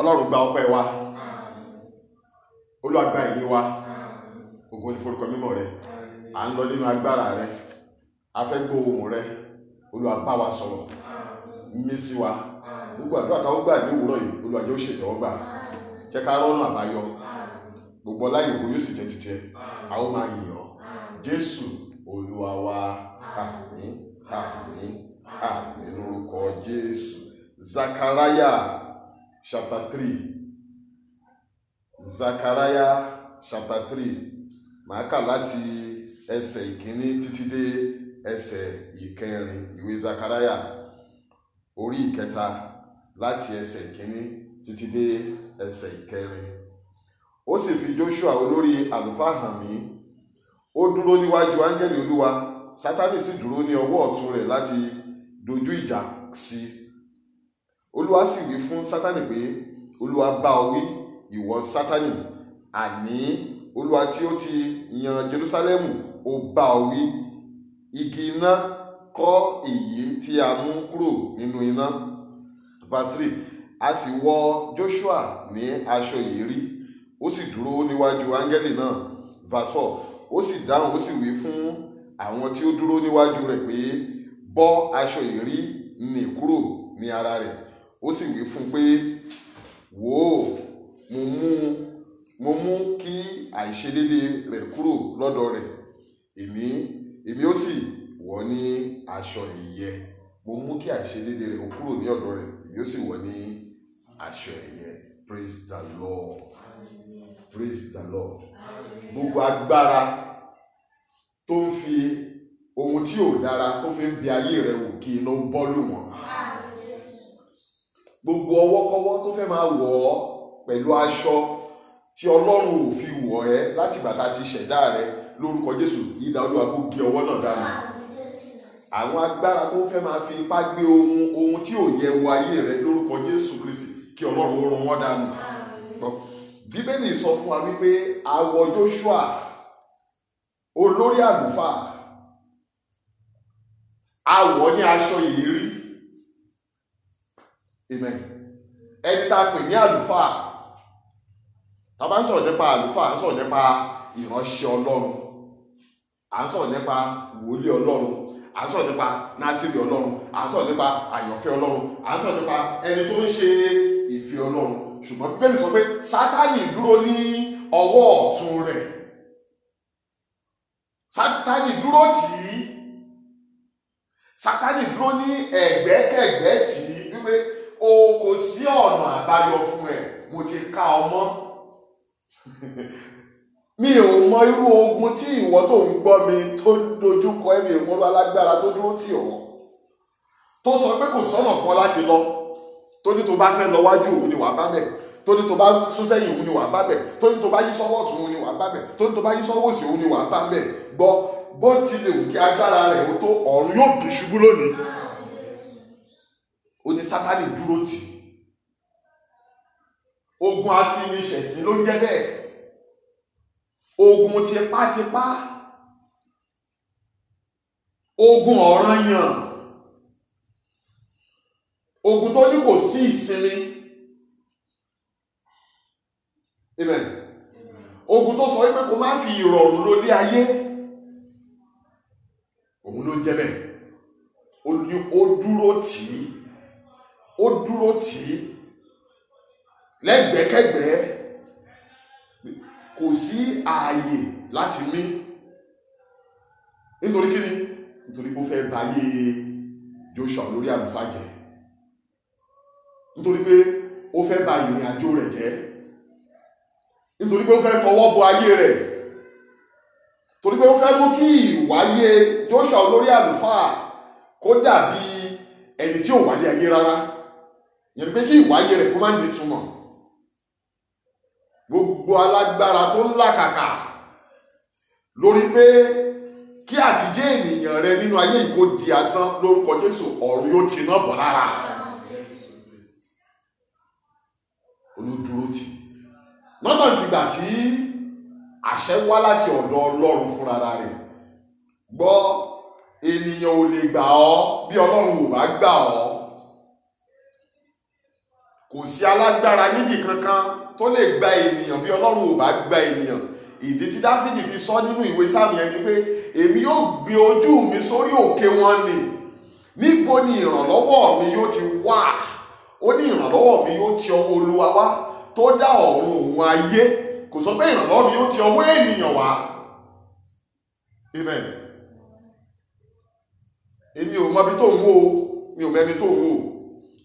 ọlọ́run gba ọpẹ́ wa olúwa gba ìyìn wa ògo ni forúkọ mímọ́ rẹ à ń lọ nínú agbára rẹ a fẹ́ rẹ olúwa wa sọ̀rọ̀ wa gbogbo àdúrà táwọn gbà ní òwúrọ̀ yìí olúwa ó jẹ́ ká rọ́nà àbáyọ gbogbo ọláyè ògo yóò sì jẹ́ títẹ a máa yìn jésù olúwa wa lórúkọ zakaraya. chapter 3 Zachariah chapter 3 màá kà láti ẹsẹ̀ ìkíní títí dé ẹsẹ̀ ìkẹrin ìwé Zachariah orí ìkẹta láti ẹsẹ̀ ìkíní títí dé ẹsẹ̀ ìkẹrin ó sì fi Joshua olórí àlùfáà hàn mí ó dúró níwájú áńgẹ́lì Olúwa Sátánì sì dúró ní ọwọ́ ọ̀tún rẹ̀ láti dojú ìjà sí i olúwa sì wí fún sátani pé olúwa bá ọ wí ìwọ sátani àní olúwa tí ó ti yan jerusalemu ó bá ọ wí igi iná kọ́ èyí tí a mú kúrò nínú iná verse a sì wọ joshua ní aṣọ ìyérí ó sì dúró níwájú áńgẹ́lì náà verse four ó sì dáhùn ó sì wí fún àwọn tí ó dúró níwájú rẹ̀ pé bọ́ aṣọ ìyérí nì kúrò ní ara rẹ̀ ó sì wí fún un pé wò ó mo mú mo mú kí àìṣedéédé rẹ̀ kúrò lọ́dọ̀ rẹ̀ èmi èmi ó sì wọ̀ ní aṣọ ìyẹ́ mo mú kí àìṣedéédé rẹ̀ ó kúrò ní ọ̀dọ̀ rẹ̀ èmi ó sì wọ̀ ní aṣọ ìyẹ́ praise the lord praise the lord gbogbo agbára tó ń fi ohun tí ò dára tó fi ń bi ayé rẹ̀ wò kí iná bọ́ lù wọ́n gbogbo ọwọ́kọ́wọ́ tó fẹ́ máa wọ̀ ọ́ pẹ̀lú aṣọ tí ọlọ́run ò fi wọ̀ ẹ́ láti bàtà ti ṣẹ̀dá rẹ lórúkọ jésù ìdá olúwa kó gé ọwọ́ náà dànù àwọn agbára tó fẹ́ máa fi ipá gbé ohun ohun tí ò yẹ wọ ayé rẹ lórúkọ jésù kristi kí ọlọ́run ó run wọ́n dànù bíbélì sọ fún wa wípé awọ joshua olórí àlùfáà awọ ní aṣọ yìí rí amen ẹni tá a pè ní àlùfáà tá a bá ń sọ̀rọ̀ nípa àlùfáà à ń sọ̀rọ̀ nípa ìránṣẹ́ ọlọ́run à ń sọ̀rọ̀ nípa wòlíì ọlọ́run à ń sọ̀rọ̀ nípa násìrì ọlọ́run à ń sọ̀rọ̀ nípa àyànfẹ́ ọlọ́run à ń sọ̀rọ̀ nípa ẹni tó ń ṣe ìfẹ́ ọlọ́run ṣùgbọ́n bíbélì sọ pé sátánì dúró ní ọwọ́ ọ̀tún rẹ̀ sátánì dúró tì í sátánì dúró ní ẹ̀gbẹ́kẹ̀gbẹ́ tì í wípé o kò sí ọ̀nà àbáyọ fún ẹ mo ti ká ọ mọ́ mi ò mọ irú ogun tí ìwọ tó ń gbọ́ mi tó ń dojúkọ ẹ mi ò mọ alágbára tó dúró tì ọ́ tó sọ pé kò sọ́nà fún ọ láti lọ torí tó bá fẹ́ lọ wájú òun ni wàá bá bẹ̀ torí tó bá sún sẹ́yìn òun ni wàá bá bẹ̀ torí tó bá yí sọ́wọ́ ọ̀tún òun ni wàá bá bẹ̀ torí tó bá yí sọ́wọ́ òsì òun ni wàá bá bẹ̀ gbọ́ bó tilẹ̀ wù agbára rẹ̀ tó ọ̀run yóò bì ṣubú lónìí ó ní sátani dúró tì ogun afiniṣẹ̀sìn ló ń jẹ́ bẹ́ẹ̀ ogun tipátipá ogun ọ̀ranyàn ogun tó ní kò sí ìsinmi amen ogun tó sọ wípé kó má fi ìrọ̀rùn lólé ayé òun ló ń jẹ́ bẹ́ẹ̀ ó dúró tì í ó dúró tì í lẹ́gbẹ̀kẹ́gbẹ́ kò sí ààyè láti mí nítorí kíni nítorí pé ó fẹ́ báyé Joshua lórí àlùfáà jẹ́ nítorí pé ó fẹ́ bà ìrìn àjò rẹ̀ jẹ́ nítorí pé ó fẹ́ tọwọ́ bọ ayé rẹ̀ torí pé ó fẹ́ mú kí ìwáyé Joshua olórí àlùfáà kó dàbí ẹni tí ò wáyé ayé rárá yẹn pé kí ìwáyé rẹ̀ kó má ní túmọ̀ gbogbo alágbára tó ń làkàkà lórí pé kí àtijọ́ ènìyàn rẹ nínú ayé ìkó di asán lórúkọ Jésù ọ̀run yóò ti náà bọ̀ lára olùdúró tì lọ́nà tìgbà tí àṣẹ wá láti ọ̀dọ̀ Ọlọ́run fúnra rẹ̀ gbọ́ ènìyàn ò lè gbà ọ́ bí Ọlọ́run ò bá gbà ọ́ kò sí alágbára níbì kankan tó lè gba ènìyàn bí ọlọ́run ò bá gba ènìyàn ìdí tí dáfídì fi sọ nínú ìwé sáàmì yẹn ni pé èmi yóò gbé ojú mi sórí òkè wọn ni níbo ni ìrànlọ́wọ́ mi yóò ti wá ó ní ìrànlọ́wọ́ mi yóò ti ọwọ́ olúwa wá tó dá ọ̀run òun ayé kò sọ pé ìrànlọ́wọ́ mi yóò ti ọwọ́ ènìyàn wá èmi ò mọ tó ń wò mi ò mẹ́ni tó ń wò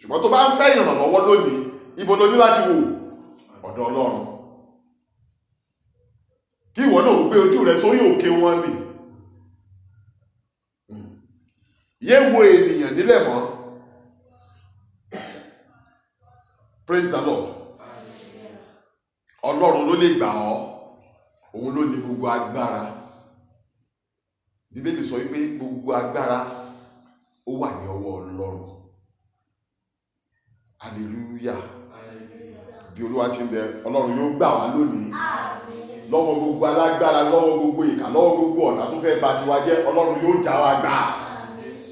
ṣùgbọ́n tó bá ń fẹ́ ìrànlọ́wọ́ lónìí ibo ló ní láti wò ọ̀dọ̀ ọlọ́run kí ìwọ náà gbé ojú rẹ sórí òkè wọn nì yé wo ènìyàn nílẹ̀ mọ́ praise the lord ọlọ́run ló lè gbà ọ́ òun ló ní gbogbo agbára bíbélì sọ wípé gbogbo agbára ó wà ní ọwọ́ ọlọ́run hallelujah bí olúwa ti ń bẹ ọlọ́run yóò gbà wá lónìí lọ́wọ́ gbogbo alágbára lọ́wọ́ gbogbo ìkà lọ́wọ́ gbogbo ọ̀tá tó fẹ́ bà tiwa jẹ́ ọlọ́run yóò já wa gbà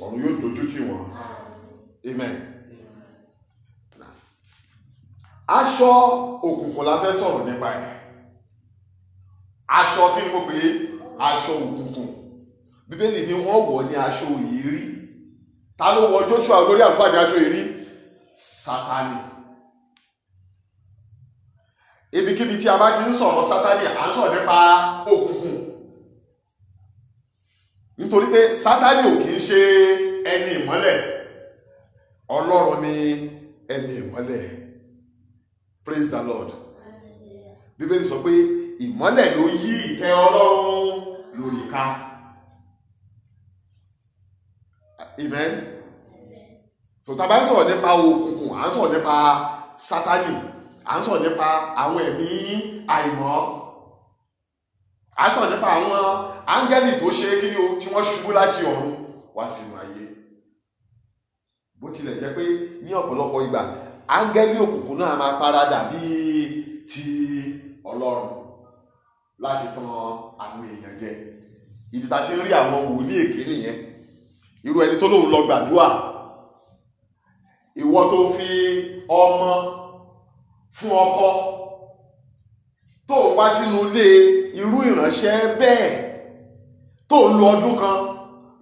ọ̀run yóò dojú tì wọ́n amen. aṣọ òkùnkùn la fẹ́ sọ̀rọ̀ nípa ẹ̀ aṣọ kí ni mo pè é aṣọ òkùnkùn bíbélì ni wọ́n wọ̀ ní aṣọ ìrí ta ló wọ Joshua olórí àlùfáà ní aṣọ ìrí Satani, ibikíbi tí a bá ti ń sọ̀rọ̀ sátánì à ń sọ̀rọ̀ nípa òkùnkùn nítorí pé ò kì í ṣe ẹni ìmọ́lẹ̀ ọlọ́run ni ẹni ìmọ́lẹ̀ praise the lord bíbélì sọ pé ìmọ́lẹ̀ ló yí ìtẹ́ ọlọ́run lórí ká amen. so tá a bá ń sọ̀rọ̀ nípa òkùnkùn à ń sọ̀rọ̀ nípa sátani à ń sọ̀rọ̀ nípa àwọn ẹ̀mí àìmọ́ à ń sọ̀rọ̀ nípa àwọn áńgẹ́lì tó ṣe kí ni o tí wọ́n ṣubú láti ọ̀run wá sínú ayé bó tilẹ̀ jẹ́ pé ní ọ̀pọ̀lọpọ̀ ìgbà áńgẹ́lì òkùnkùn náà máa paradà bíi ti ọlọ́run láti tan àwọn èèyàn jẹ ibi tá a ti ń rí àwọn wòlíì èké nìyẹn irú ẹni tó lóun lọ gbàdúrà ìwọ tó fi ọmọ fún ọkọ tó wá sínú ilé irú ìránṣẹ́ bẹ́ẹ̀ tó ń lo ọdún kan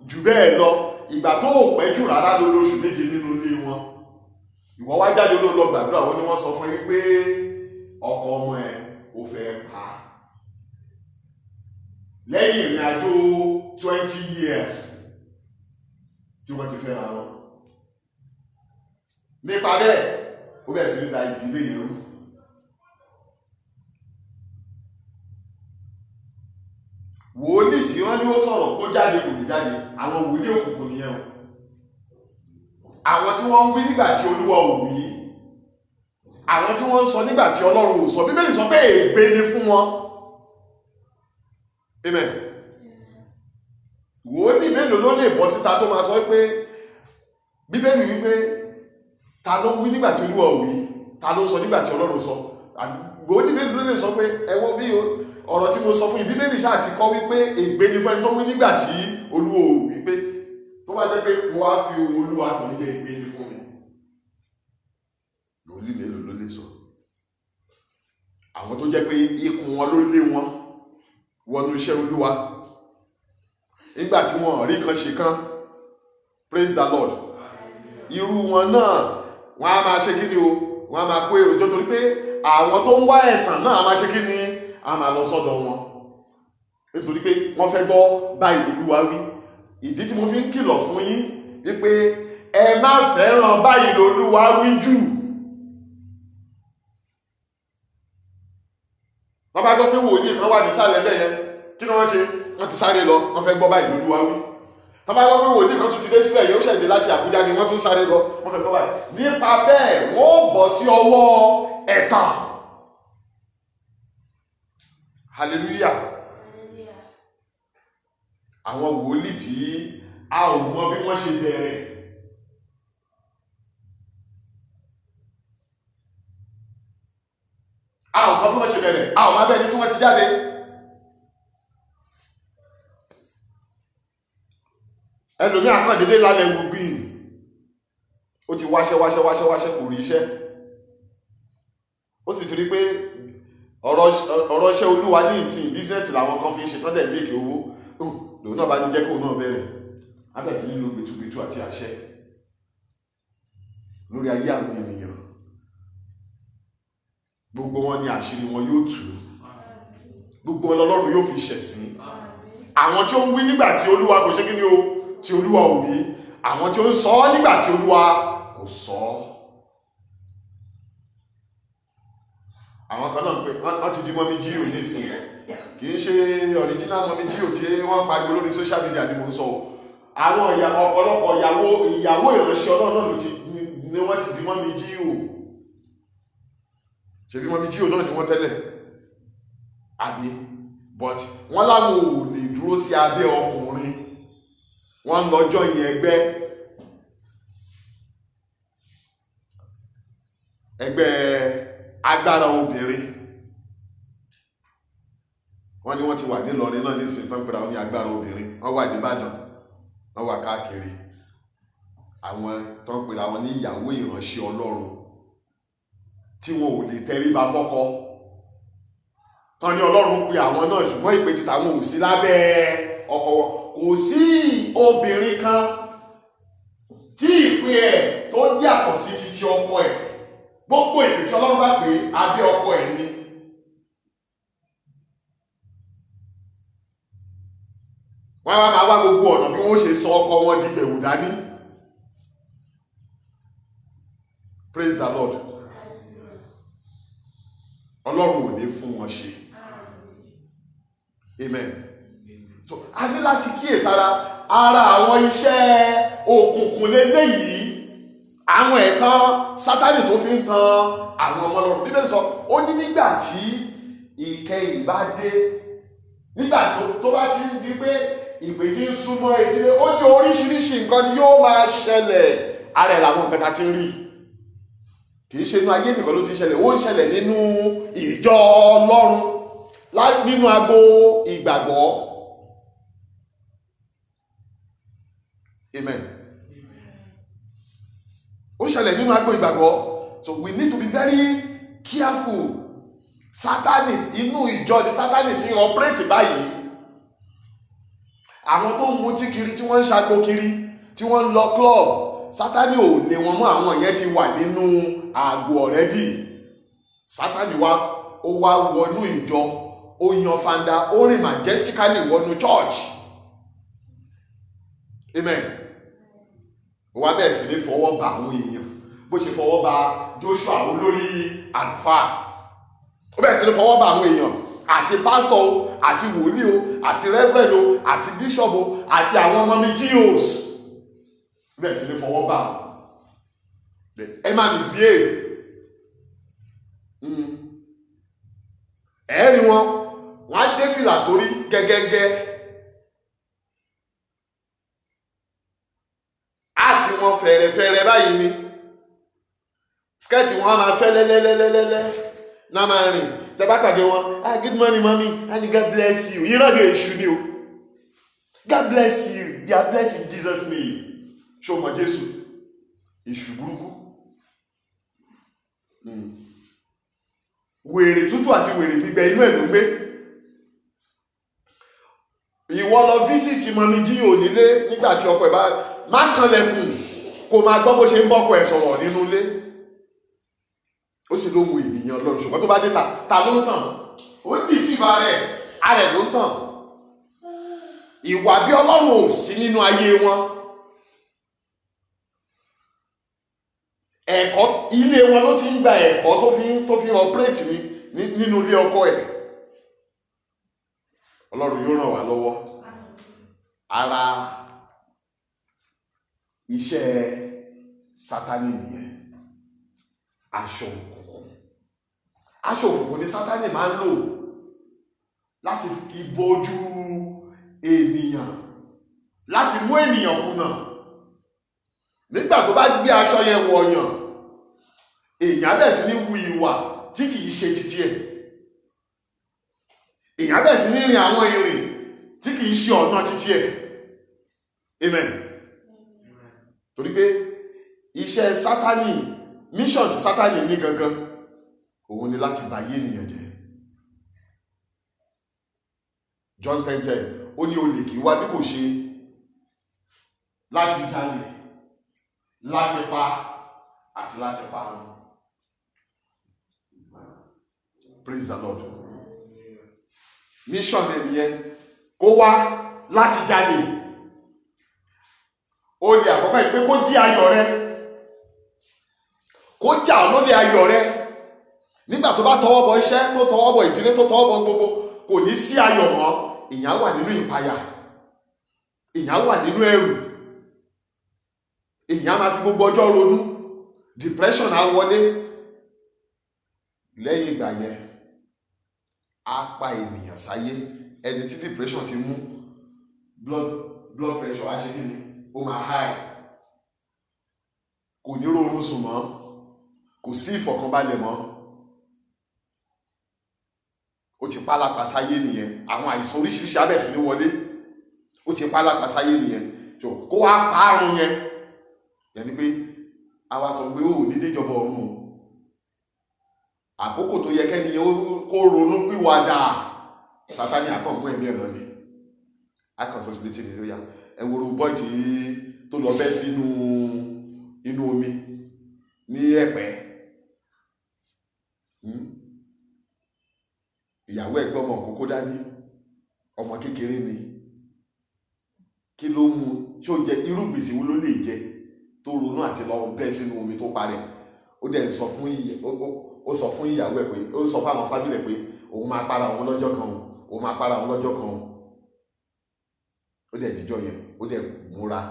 jù bẹ́ẹ̀ lọ ìgbà tó ò pẹ́ jù rárá ló lóṣù méje nínú ilé wọn ìwọ wá jáde ló lọ gbàdúrà wọn ni wọ́n sọ fún yín pé ọkọ ọmọ ẹ̀ ò fẹ́ pa á lẹ́yìn ìrìn àjò twenty years tí wọ́n ti fẹ́ra wọn nípa bẹ́ẹ̀ ó bẹ̀rẹ̀ sí ní da ìdílé yẹn rú. wòlíì tí wọ́n ní ó sọ̀rọ̀ kó jáde kò ní jáde àwọn wòlíì òkùnkùn nìyẹn o àwọn tí wọ́n ń wí nígbà tí olúwa ò wí àwọn tí wọ́n ń sọ nígbà tí ọlọ́run ò sọ bíbélì sọ pé ègbé ni fún wọn amen wòlíì mélòó ló lè bọ́ síta tó máa sọ pé bíbélì wípé ta ló ń wí nígbà tí olúwa ò wí ta ló sọ nígbà tí ọlọ́run sọ gbòó ní bíbélì ló lè sọ pé ẹwọ́ bí ọ̀rọ̀ tí mo sọ fún ìbíbélì ṣáà ti kọ́ wípé ègbé ni fún ẹni tó wí nígbà tí olúwa ò wí pé tó bá jẹ́ pé mo wá fi ohun olúwa tó ń jẹ ègbé ni fún mi lòlí mélòó ló lè sọ àwọn tó jẹ́ pé ikùn wọn ló lé wọn wọnú iṣẹ́ olúwa nígbà tí wọn rí kan ṣe kan praise the lord irú wọn náà wọ́n a máa ṣe kí ni o wọ́n a máa kó èrò jọ torí pé àwọn tó ń wá ẹ̀tàn náà á máa ṣe kí ni á máa lọ sọ́dọ̀ wọn nítorí pé wọ́n fẹ́ gbọ́ báyìí lolúwa wí ìdí tí mo fi ń kìlọ̀ fún yín wípé ẹ má fẹ́ràn báyìí lolúwa wí jù wọ́n bá gbọ́ pé wòlíì kan wà nísàlẹ̀ bẹ́ẹ̀ yẹn kí ni wọ́n ṣe wọ́n ti sáré lọ wọ́n fẹ́ gbọ́ báyìí lolúwa wí tọ́ bá gbọ́ pé wòlíì kan tún ti dé sílẹ̀ yóò ṣẹ̀dé láti Àbújá ni wọ́n tún sáré lọ wọ́n fẹ́ gbọ́ báyìí nípa bẹ́ẹ̀ wọ́n ó bọ̀ sí ọwọ́ ẹ̀tàn hallelujah àwọn wòlíì tí a ò mọ bí wọ́n ṣe bẹ̀rẹ̀ a ò mọ bí wọ́n ṣe bẹ̀rẹ̀ a ò mọ bẹ́ẹ̀ ni tí wọ́n ti jáde. ẹlòmí àkàndédé lálẹ́ wo gbìn ó ti wáṣẹ́ wáṣẹ́ wáṣẹ́ wáṣẹ́ kò rí iṣẹ́ ó sì ti rí pé ọ̀rọ̀ iṣẹ́ olúwa ní ìsìn bísínẹ́sì làwọn kan fi ń ṣe tán dẹ̀ méèkì owó lòun náà bá ní jẹ́ kóun náà bẹ̀rẹ̀ abẹ́sí nílò gbẹtugbẹtu àti àṣẹ lórí ayé àwọn ènìyàn gbogbo wọn ni àṣírí wọn yóò tú gbogbo wọn lọ́lọ́run yóò fi ṣẹ̀sín àwọn tí ó ń wí nígbà tí olúwa kò ṣe kí ni o tí olúwa ò wí àwọn tí ó ń sọ ọ́ nígbà tí olúwa kò sọ ọ́ àwọn kan náà pé wọ́n ti di mọ́mí jíò ní ìsìn kì í ṣe original mọ́mí jíò tí wọ́n pariwo lórí social media ni mo ń sọ o àwọn ọ̀pọ̀lọpọ̀ ìyàwó ìyàwó ìránṣẹ́ ọlọ́run náà ló ti ni wọ́n ti di mọ́mí jíò ṣe bí mọ́mí jíò náà ni wọ́n tẹ́lẹ̀ àbí but wọ́n láwọn ò lè dúró sí abẹ́ ọkùnrin wọ́n ń lọ́jọ́ yìí ẹgbẹ́ ẹgbẹ́ agbára obìnrin wọ́n ní wọ́n ti wà nílọrin náà nísìnyí pẹ́ńpẹ́ra wọn ní agbára obìnrin wọ́n wà nìbàdàn wọ́n wà káàkiri àwọn tó ń pera wọn ní ìyàwó ìránṣẹ́ ọlọ́run tí wọn ò lè tẹríba fọ́kọ tán ní ọlọ́run pe àwọn náà ṣùgbọ́n ìpè títà wọn ò sí lábẹ́ ọkọ kò sí obìnrin kan tí ìpín ẹ̀ tó yàtọ̀ sí ti ti ọkọ ẹ̀ gbogbo ìpè tí ọlọ́run bá pè abẹ́ ọkọ ẹ̀ ni. wọ́n á wá máa wá gbogbo ọ̀nà bí wọ́n ṣe sọ ọkọ wọn di bẹ̀wù dání. praise the lord ọlọ́run ò ní fún wọn ṣe amen. amen a ní láti kíyèsára ara àwọn iṣẹ́ òkùnkùn lélẹ́yìí àwọn ẹ̀tàn sátánì tó fi ń tan àwọn ọmọ lọ́rùn bíbélì sọ ó ní nígbà tí ìkẹyìn bá dé nígbà tó bá ti ń di pé ìpè tí ń súnmọ́ etí ó ní oríṣiríṣi nǹkan ni yóò máa ṣẹlẹ̀ ara ẹ̀ làwọn nǹkan ta ti rí kì í ṣe inú ayé nìkan ló ti ń ṣẹlẹ̀ ó ń ṣẹlẹ̀ nínú ìjọ ọlọ́run nínú agbo ìgbàgbọ́ amen ó ṣẹlẹ̀ nínú agbo ìgbàgbọ́ so we need to be very careful sátani inú ìjọ ni sátani ti operate báyìí àwọn tó ń mutí kiri tí wọ́n ń ṣagbo kiri tí wọ́n ń lọ club sátani ò lè wọn mọ́ àwọn yẹn ti wà nínú àgọ́ already sátani wa ó wá wọnú ìjọ ó yan fanda ó rìn majestically wọnú church amen ó wá bẹ̀rẹ̀ sí ní fọwọ́ ba àwọn èèyàn bó ṣe fọwọ́ ba Joshua olórí àlùfáà ó bẹ̀rẹ̀ sí ní fọwọ́ ba àwọn èèyàn àti pásọ o àti wòlíì o àti rẹ́fẹ̀rẹ̀d o àti bíṣọ̀bù o àti àwọn ọmọ mi jíòs ó bẹ̀rẹ̀ sí ní fọwọ́ ba ẹ má misbehave hmm. ẹ wọn wọn á dé fìlà sórí gẹ́gẹ́gẹ́. skẹ́ẹ̀tì wọn a máa fẹ́ lẹ́lẹ́lẹ́lẹ́lẹ́ náà máa rìn tẹ́bá pàdé wọn ah good morning mami ah, and God bless you yìí rádìó èṣù ni o God bless you they are blessing Jesus name ṣé o mọ Jésù èṣù burúkú hmm. wèrè tútù àti wèrè gbígbẹ inú ẹ̀ ló ń gbé ìwọ lọ físìtì mọ́mí jíyìn onílé nígbà tí ọkọ ẹ̀ bá má kanlẹ̀kùn kó máa gbọ́ bó ṣe ń bọ́kọ ẹ̀ sọ̀rọ̀ nínú ilé ó sì ló ń wo ènìyàn ọlọ́run ṣùgbọ́n tó bá dé ta ta ló ń tàn ó ń dìísí ìbá rẹ̀ arẹ̀ ló ń tàn ìwà bí ọlọ́run ò sí nínú ayé wọn ẹ̀kọ́ ilé wọn ló ti ń gba ẹ̀kọ́ tó fi tó fi ọ̀pẹ́rẹ́tì ní nínú ilé ọkọ ẹ̀ ọlọ́run yóò ràn wá lọ́wọ́ ara iṣẹ́ sátani nìyẹn aṣọ òkú aṣọ òkùnkùn ni sátani máa ń lò láti ibo ojú ènìyàn láti mú ènìyàn kùnà nígbà tó bá gbé aṣọ yẹn wọ̀nyàn èèyàn bẹ̀ sí ní wu ìwà tí kìí ṣe títí ẹ̀ èèyàn bẹ̀ sí ní rìn àwọn ìrìn tí kìí ṣe ọ̀nà títí ẹ̀ amen torí pé iṣẹ́ sátani mission ti sátani ní gangan òun ni láti bà yé ènìyàn jẹ́ John ten ten ó ní olè kì í wá bí kò ṣe láti jalè láti pa àti láti parun praise the Lord mission rẹ nìyẹn kó wá láti jalè olè àkọ́kọ́ yìí pé kó jí ayọ̀ rẹ kó jà lólè ayọ̀ rẹ nígbà tó bá tọwọ́ bọ iṣẹ́ tó tọwọ́ bọ ìdílé tó tọwọ́ bọ gbogbo kò ní sí ayọ̀ mọ́ ìyàn wà nínú ìpayà ìyàn wà nínú ẹ̀rù ìyàn máa fi gbogbo ọjọ́ ronú depression á wọlé lẹ́yìn ìgbà yẹn á pa ènìyàn sáyé ẹni tí depression ti mú blood blood pressure á ṣe kí ni ó máa high kò ní rọrùn sùn mọ́ kò sí ìfọ̀kànbalẹ̀ mọ́ ó ti pa alápasáyé nìyẹn àwọn àìsàn oríṣiríṣi abẹ́ sí ní wọlé ó ti pa alápasáyé nìyẹn tó kó wá parun yẹn yẹni pé àwa sọ pé ó ní déjọba ọ̀run àkókò tó yẹ kẹ́ni yẹn kó ronú pìwàdà sátani àkànkún ẹ̀mí ẹ̀ lọ́ni akànṣọ́ sí méjì nìyẹn ó yà ẹ̀wòrò bọ́ọ̀tì tó lọ bẹ́ sínú inú omi ní ẹ̀pẹ́ ìyàwó ẹ̀gbọ́n ọmọ kókó dání ọmọ kékeré ni kí ló mú ṣó jẹ irú gbèsè wo ló lè jẹ tó ronú àti lọ bẹ́ sínú omi tó parẹ́ ó dẹ̀ sọ fún ó sọ fún ìyàwó ẹ̀ pé ó sọ fún àwọn fábílẹ̀ pé òun máa para òun lọ́jọ́ kan òun máa para òun lọ́jọ́ kan ó dẹ̀ jíjọ yẹn ó dẹ̀ múra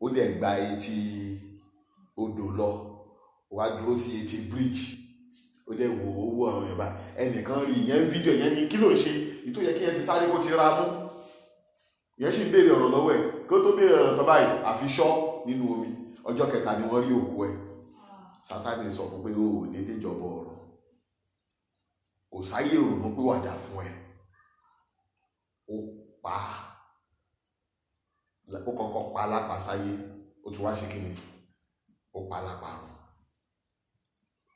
ó dẹ̀ gba etí odò lọ wàá dúró sí etí bridge ó dẹ̀ wò owó àwọn yorùbá ẹnìkan rí ìyẹn fídíò yẹn ní kí ló ń ṣe ìtò yẹ kí yẹn ti sáré kó ti ra mú yẹn sì ń béèrè ọ̀rọ̀ lọ́wọ́ ẹ̀ kó tó béèrè ọ̀rọ̀ tó báyìí àfi ṣọ́ nínú omi ọjọ́ kẹta ni wọ́n rí òkú ẹ̀ sátani sọ fún pé o ò ní déjọba ọ̀run kò sáyé ìrònú pé wàdà fún ẹ ó pa ó kọ́kọ́ pa alápasáyé ó tún wá ṣe kí ni ó pa aláparun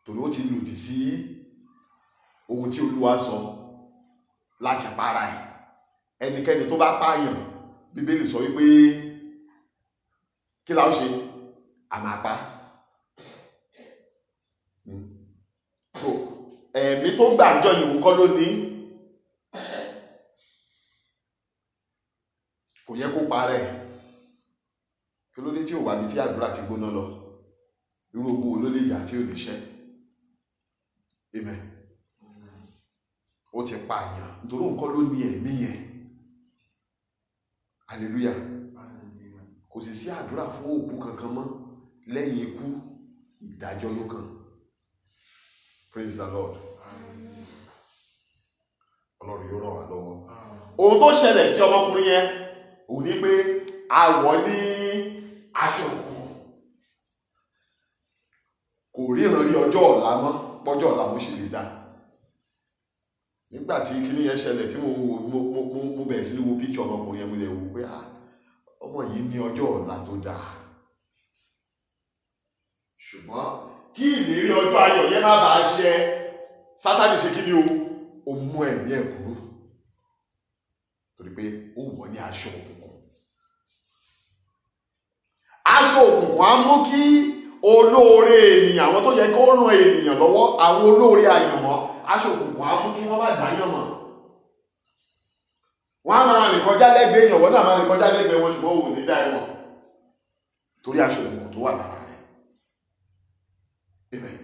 torí ó ti lòdì sí ohun tí olúwa sọ láti para ẹ̀ ẹnikẹ́ni tó bá pààyàn bíbélì sọ wípé kí la ó ṣe àmà pa hmm. ẹ̀mí tó gbàjọ ìwọ̀n kọ́ ló ní kò yẹ kó parẹ́ kí ló dé tí ò wà ní tí àdúrà ti gbóná lọ irú ogun wo ló lè jà tí ò ní ṣẹ́ amen ó ti pa àyàn nítorí òun kọ́ ló ní ẹ̀mí yẹn hallelujah kò sì sí àdúrà fún òkú kankan mọ́ lẹ́yìn ikú ìdájọ́ ló kàn praise the lord ọlọ́run yóò ràn wá lọ́wọ́ ohun tó ṣẹlẹ̀ sí ọmọkùnrin yẹn ò ní pé a wọ̀ ní aṣọ òkú kò ríran rí ọjọ́ ọ̀la mọ́. pọ́jọ́ ọla mo ṣì lè dá nígbà tí kíní yẹn ṣẹlẹ̀ tí mo mo bẹ̀rẹ̀ sí ní wo picture ọmọkùnrin yẹn mo lè wò pé ọmọ yìí ní ọjọ́ ọ̀la tó dáa ṣùgbọ́n kí ìlérí ọjọ́ ayọ̀ yẹn má bàa ṣẹ sátani ṣe kí ni o ó mú ẹ̀mí ẹ̀ kúrò torí pé ó wọ̀ ní aṣọ òkùnkùn aṣọ òkùnkùn á mú kí. olóore ènìyàn àwọn tó yẹ kó ràn ènìyàn lọ́wọ́ àwọn olóore àyànmọ́ aṣòkùnkùn á mú kí wọ́n má dáyàn mọ́ wọ́n á máa rìn kọjá lẹ́gbẹ̀ẹ́ èèyàn wọ́n náà máa rìn kọjá lẹ́gbẹ̀ẹ́ wọn ṣùgbọ́n òun ní dáìmọ̀ torí aṣòkùnkùn tó wà lára rẹ̀ amen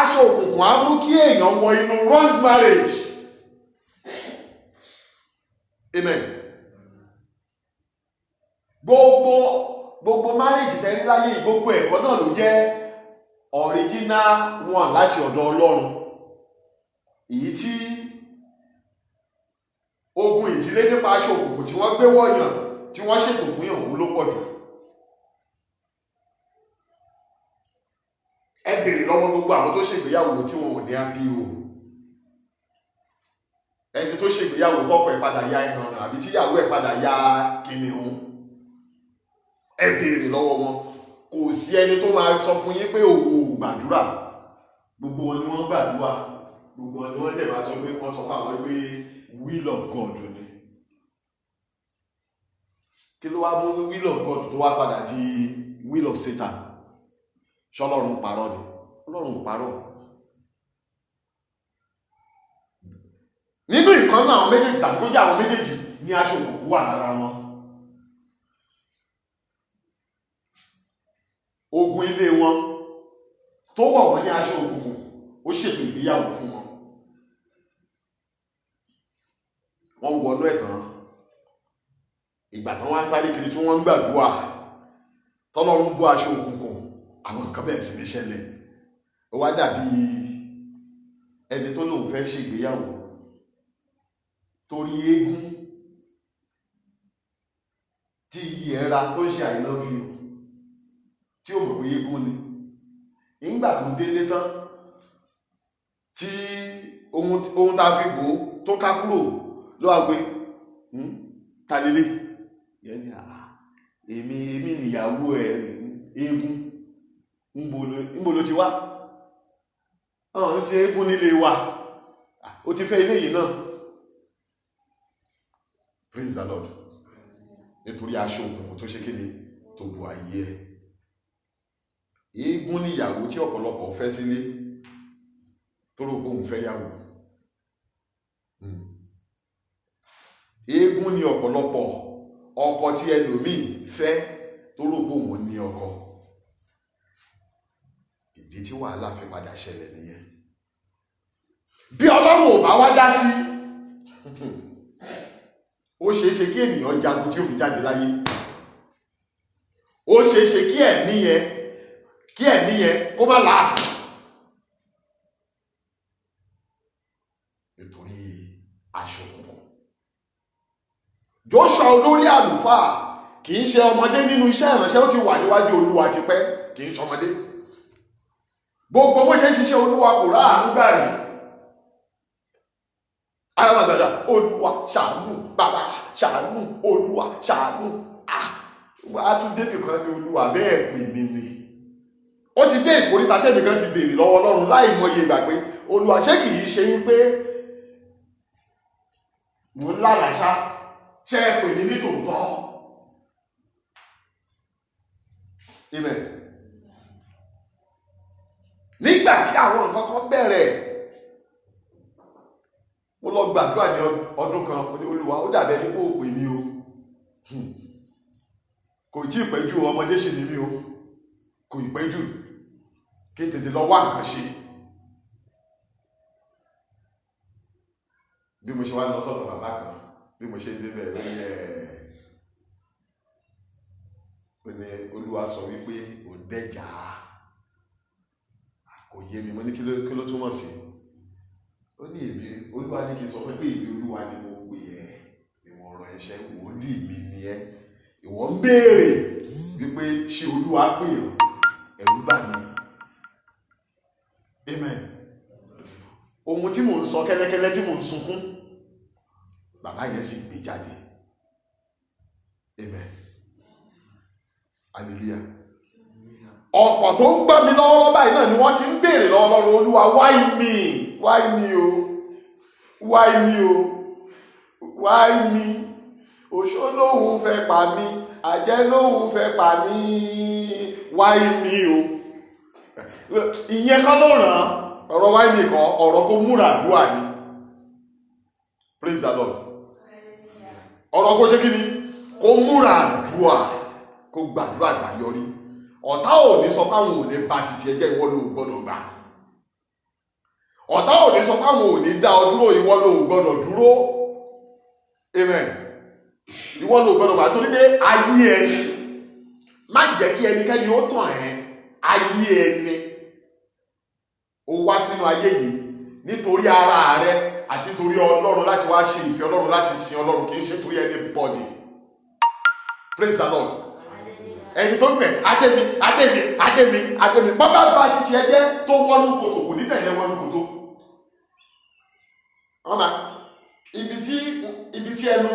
aṣọ òkùnkùn á mú kí èèyàn wọ inú wrong marriage amen gbogbo gbogbo márèjì tẹ́rí láyé gbogbo ẹ̀kọ́ náà ló jẹ́ original one láti ọ̀dọ̀ ọlọ́run èyí tí ogun ìdílé nípa aṣọ òkùnkùn tí wọ́n gbé wọ̀nyàn tí wọ́n ṣètò fún yàn òun ló pọ̀ jù ẹ bèrè lọ́wọ́ gbogbo àwọn tó ṣègbéyàwó tí wọn ò ní apo ẹni tó ṣègbéyàwó tọkọ ẹ̀ padà ya ẹran àbí tíyàwó ẹ̀ padà ya kìnìún ẹ béèrè lọ́wọ́ wọn kò sí ẹni tó máa sọ fún yín pé òun ò gbàdúrà gbogbo wọn ni wọ́n gbàdúrà gbogbo wọn ni wọ́n dẹ̀ máa sọ pé wọ́n sọ fáwọn pé will of God ni kí ló wá mú will of God tó wá padà di will of Satan ṣọlọ́run parọ́ ni ọlọ́run parọ́ nínú ìkan náà àwọn méjèèjì tàbí kó jẹ́ àwọn méjèèjì ní aṣọ òkú wà lára wọn. ogun ilé wọn tó wọ̀ wọ́n ní aṣọ òkùnkùn ó ṣètò ìgbéyàwó fún wọn wọ́n wọnú ẹ̀ tán ìgbà tán wọ́n sáré kiri tí wọ́n ń gbàdúrà tọ́lọ́run bú aṣọ òkùnkùn àwọn nǹkan bẹ̀rẹ̀ sí ní ṣẹlẹ̀ ó wá dàbí ẹni tó lóun fẹ́ ṣègbéyàwó torí eégún tí iyì ẹ̀ ra tó ń ṣe I love you tí ò mọ̀ pé eégún ni ìgbà tó délé tán tí ohun tá a fi bò ó tó ká kúrò ló wá gbé hmm, ta lélẹ̀ yẹn ni ah, èmi èmi nìyàwó ẹ eégún ńbo ló ti wá ọ̀hún ń ṣe eégún nílé wa ó ah, ti fẹ́ ilé yìí náà praise the lord nítorí aṣọ òkùnkùn tó ṣe kéde tó bu ayé ẹ eégún níyàwó tí ọ̀pọ̀lọpọ̀ fẹ́ sílé torí pé òun fẹ́ yàwó hmm. eégún ni ọ̀pọ̀lọpọ̀ ọkọ tí ẹlòmíì fẹ́ torí pé òun ní ọkọ ìdí tí wàhálà fi padà ṣẹlẹ̀ nìyẹn bí ọlọ́run ò bá wá dá sí ó ṣeé ṣe kí ènìyàn jagun tí ó jáde láyé ó ṣeé ṣe kí ẹ̀mí yẹn kí ẹ̀mí yẹn kó má láàsì nítorí aṣọ òkùnkùn Joshua olórí àlùfáà kì í ṣe ọmọdé nínú iṣẹ́ ìránṣẹ́ ó ti wà níwájú olúwa tipẹ́ kì í ṣọmọdé gbogbo bó ṣe ń ṣiṣẹ́ olúwa kò ráàánú gbà rí àwọn àgbàdà olúwa ṣàánú bàbá ṣàánú olúwa ṣàánú àtúndébì ah! ní olúwa bẹ́ẹ̀ pè mí ni ó ti dé ìkóríta tẹ́mi kan ti béèrè lọ́wọ́ ọlọ́run láì mọye ìgbà pé olúwa ṣé kì í ṣe yín pé mò ń lálàṣá ṣe é pè ní nítòótọ́ ibẹ̀ nígbà tí àwọn nǹkan kan bẹ̀rẹ̀ mo lọ gbàdúrà ní ọdún kan olúwa ó dàbẹ̀ ní kó pè mí o hmm. kò tí ì pẹ́ jù ọmọdé ṣì ní mí o kò ì pẹ́ jù kí n tètè lọ wá nǹkan ṣe bí mo ṣe wá lọ sọ́dọ̀ bàbá kan bí mo ṣe débẹ̀ ó ní ẹ̀ ó ní olúwa sọ wípé ò dẹ́jà kò yé mi mo ní kí ló túmọ̀ sí ó ní èmi olúwa ní kí n sọ fún pé èmi olúwa ni mo pè ẹ́ ìwọ̀nràn ẹ̀ṣẹ̀ wòlíì mi ni ẹ́ ìwọ ń béèrè wípé ṣé olúwa pè ọ́ ẹ̀rù bà amen ohun tí mò ń sọ kẹ́lẹ́kẹ́lẹ́ tí mò ń sunkún bàbá yẹn sì amen hallelujah ọ̀pọ̀ tó ń gbà mí lọ́wọ́lọ́wọ́ báyìí náà ni wọ́n ti ń béèrè lọ́wọ́ lọ́rùn olúwa why me why me o why me o why me òṣó lóhùn fẹ́ pa mí àjẹ́ lóhùn pa mí why me o. ìyẹn kan ló ràn án ọ̀rọ̀ wáyé nìkan ọ̀rọ̀ kó múra àdúrà ni praise the lord ọ̀rọ̀ kó ṣe kí ni kó múra àdúrà kó gbàdúrà gbà yọrí ọ̀tá ò ní sọ fáwọn ò ní ba tìtì ìwọ ló gbọ́dọ̀ gbà ọ̀tá ò ní sọ fáwọn ò dá ọ dúró ìwọ ló gbọ́dọ̀ dúró amen ìwọ ló gbọ́dọ̀ gbà torí pé ayé ẹni má jẹ́ kí ẹnikẹ́ni ó tàn ẹ́ ayé ẹni ó wá sínú ayé yìí nítorí ara rẹ àti torí ọlọ́run láti wá ṣe ìfẹ́ ọlọ́run láti sin ọlọ́run kì í ṣe torí anybody praise the lord ẹni tó mẹ adémi adémi adémi adémi bàbá bá titi ẹ jẹ tó wọnú kòtò kò ní tẹ̀lé wọnú kòtò ọ̀nà ibi tí ibi tí ẹnu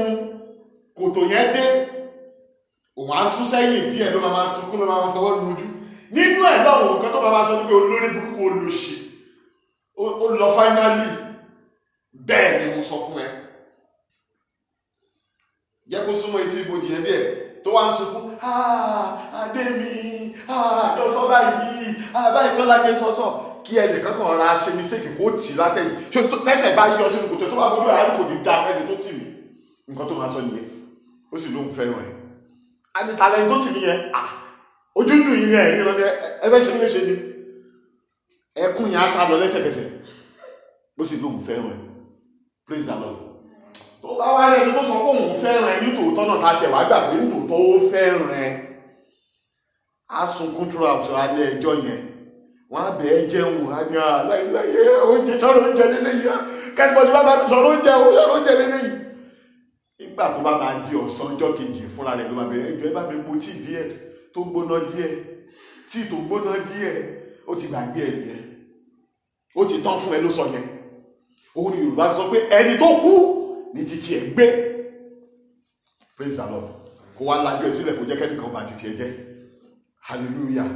kòtò yẹn dé òun á sún sẹ́yìn díẹ̀ ló máa máa sunkún ló máa máa fọwọ́ nu ojú nínú ẹ̀ lọ́wọ́ nǹkan tó máa máa sọ pé olórí burúkú olóṣèlú ó lọ fáínálì bẹ́ẹ̀ ni mo sọ fún ẹ jẹ́ kó súnmọ́ etí ibojì yẹn díẹ̀ tó wá ń sunkún ah, adé mi ah, àjọsọ báyìí ah, báyìí kọ́ ládé sọ́sọ́ kí ẹnìkan kan ra ṣe mistake kó tì látẹ̀yìn ṣé tẹ́sẹ̀ bá yọ sínú kòtò tó bá gbọ́dọ̀ àárín kò ní da fẹ́ni tó tì mí nǹkan tó máa sọ nìyẹn ó sì lóun fẹ́ràn ẹ̀ àti tàlẹ́yìn tó tì mí yẹn ojú ń dùn yìí ní ẹ̀rín lọ́dẹ ẹ fẹ́ ṣe ní léṣe ni ẹkún yẹn á sá lọ lẹ́sẹ̀kẹsẹ̀ bó sì lóun fẹ́ràn ẹ̀ praise the lord tó bá wá rẹ̀ ní tó sọ pé òun fẹ́ràn ẹ̀ nítòótọ́ náà tá a tẹ̀ wá gbà pé nítòótọ́ ó fẹ́ràn ẹ̀ á sunkún tó àtọ̀ alẹ́ ẹjọ́ yẹn wọ́n á bẹ̀ẹ́ jẹun àní àláìláyé ah, oúnjẹ sọ̀rọ̀ oúnjẹ nílé yìí ah, kẹ́kọ̀ọ́ ni bàbá mi sọ̀rọ̀ oúnjẹ sọ̀rọ̀ oúnjẹ nílé yìí nígbà tó bá máa di ọ̀sán ọjọ́ kejì fúnra rẹ̀ ló máa bẹ̀rẹ̀ ẹjọ́ ẹ bá mi mu tíì díẹ̀ tó gbóná díẹ̀ tíì tó gbóná díẹ̀ ó ti gbàgbé ẹ̀ nìyẹn ó ti tán fún ẹ ló sọ yẹn òun ni yorùbá sọ pé ẹni tó kú ní títí ẹ gbé praise the lord kó wá lajú ẹ sílẹ̀ kó jẹ́ kẹ́nìkan bá títí ẹ jẹ́ hallelujah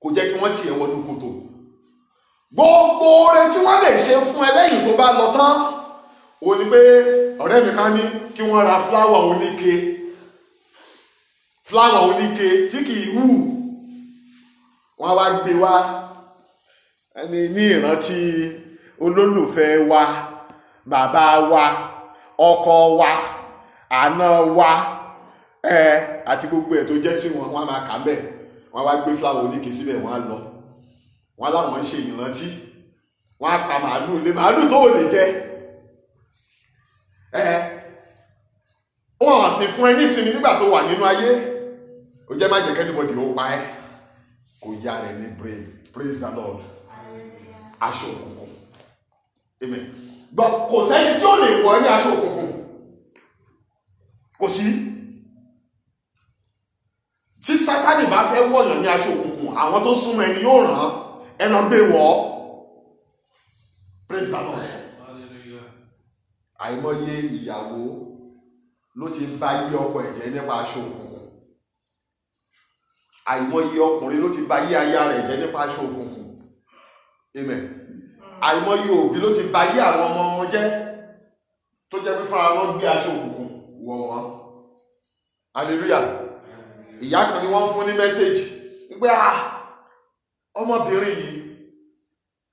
kó jẹ́ kí wọ́n tiẹ̀ wọnú kòtò gbogbo oore tí wọ́n lè ṣe fún ẹ lẹ́yìn tó bá lọ tán ó ní pé ọ̀rẹ́ mi ká ní kí wọ́n ra fúláwà oníke fúláwà oníke tí kì í wù wọ́n wá gbé wá ẹni ní ìrántí olólùfẹ́ wa bàbá wa ọkọ wa àna wa ẹ àti gbogbo ẹ̀ tó jẹ́ sí wọn wọn á máa kà ń bẹ̀ wọn á wá gbé fúláwọ̀ oníke síbẹ̀ wọn á lọ wọn á láwọn ń ṣe ìrántí wọn á pa màálù lé màálù tó ò lè jẹ ẹ wọn ò sì fún ẹ nísinmi nígbà tó wà nínú ayé ó jẹ́ má jẹ́ kẹ́nìbọ̀dì ó pa ẹ́ kó yára ẹ ní pray praise the lord aṣọ òkùnkùn amen gbọ́ kò sẹ́ni tí ó lè wọ ní aṣọ òkùnkùn kò sí tí sátani bá fẹ́ wọ̀yàn ní aṣọ òkùnkùn àwọn tó súnmọ́ ẹni yóò ràn án ẹ lọ gbé wọ̀ ọ́ praise the lord àìmọye ìyàwó ló ti bá yí ọkọ ẹ̀jẹ̀ nípa aṣọ òkùnkùn àìmọye ọkùnrin ló ti bá yí aya rẹ̀ jẹ́ nípa aṣọ òkùnkùn amen àìmọye òbí ló ti ba yí àwọn ọmọ wọn jẹ́ tó jẹ́ pé fúnra wọn gbé aṣọ òkùnkùn wọ̀ wọ́n hallelujah ìyá kan ni wọ́n fún ní mẹ́sẹ̀gì wípé ah ọmọbìnrin yìí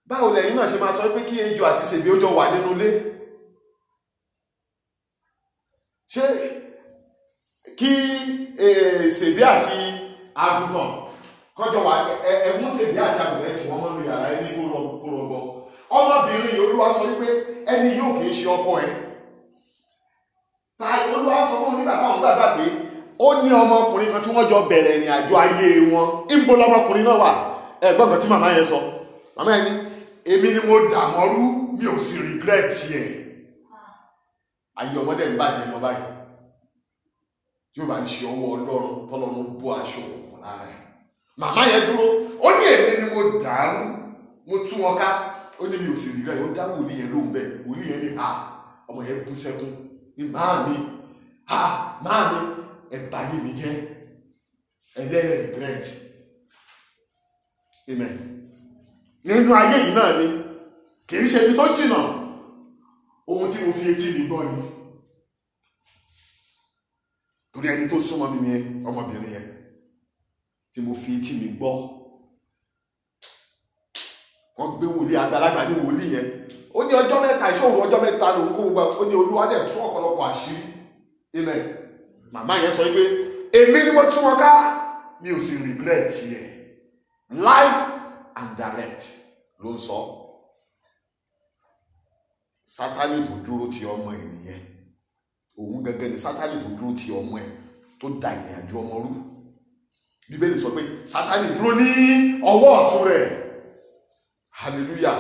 báwo lẹ́yìn náà ṣe máa sọ pé kí ejò àti ṣèbí ó jọ wà nínú ilé ṣé kí ṣèbí eh, àti àgùntàn kọjọ wa ẹgún ṣèbí àti àgùnlẹ tí wọn mọ lu yàrá ẹni kó rọgbọ ọmọbìnrin yìí olúwa sọ wípé ẹni yóò kì í ṣe ọkọ ẹ ta olúwa sọ fún nígbà táwọn gbàgbà pé ó ní ọmọkùnrin kan tí wọn jọ bẹ̀rẹ̀ ìrìn àjò ayé wọn ìgbó lọmọkùnrin náà wà ẹ̀gbọ́n kan tí màmá yẹn sọ màmá yẹn ní èmi ni mo dààmọrú mi ò sì rìgírẹtì ẹ ayé ọmọdé ń bàjẹ́ lọ báyìí yóò bá ń ṣe ọwọ́ ọlọ́run tọ́lọ́run bó aṣọ òkùnkùn lára ẹ̀ Mama, yẹn dúró ó ní èmi ni mo dàrú mo tú wọn ká ó ní mi ò sì rí rẹ ó dá wòlíì yẹn lóhùn bẹ́ẹ̀ wòlíì yẹn ní ha ọmọ yẹn bú sẹ́kún ní màámi ha màámi ẹ báyé mi jẹ́ ẹlẹ́rìí rẹ́ẹ̀dì amen nínú ayé yìí náà ni kì í ṣe ibi tó jìnnà ohun tí mo fi etí mi gbọ́ ni torí ẹni tó súnmọ́ mi ni ọmọbìnrin yẹn tí mo fi etí mi gbọ́ wọ́n gbé wòlíì àgbàlagbà ní wòlíì yẹn ó ní ọjọ́ mẹ́ta ìṣòro ọjọ́ mẹ́ta lòun kó gbogbo ó ní olúwa tún ọ̀pọ̀lọpọ̀ àṣírí amen màmá yẹn sọ pé èmi ni mo tún wọn ká mi ò sì regret yẹ live and direct ló ń sọ sátani tó dúró ti ọmọ ẹ nìyẹn òun gẹ́gẹ́ ni sátani tó dúró ti ọmọ ẹ tó da ìrìn àjò ọmọ rú bíbélì sọ pé sátani dúró ní ọwọ́ ọ̀tún rẹ̀ hallelujah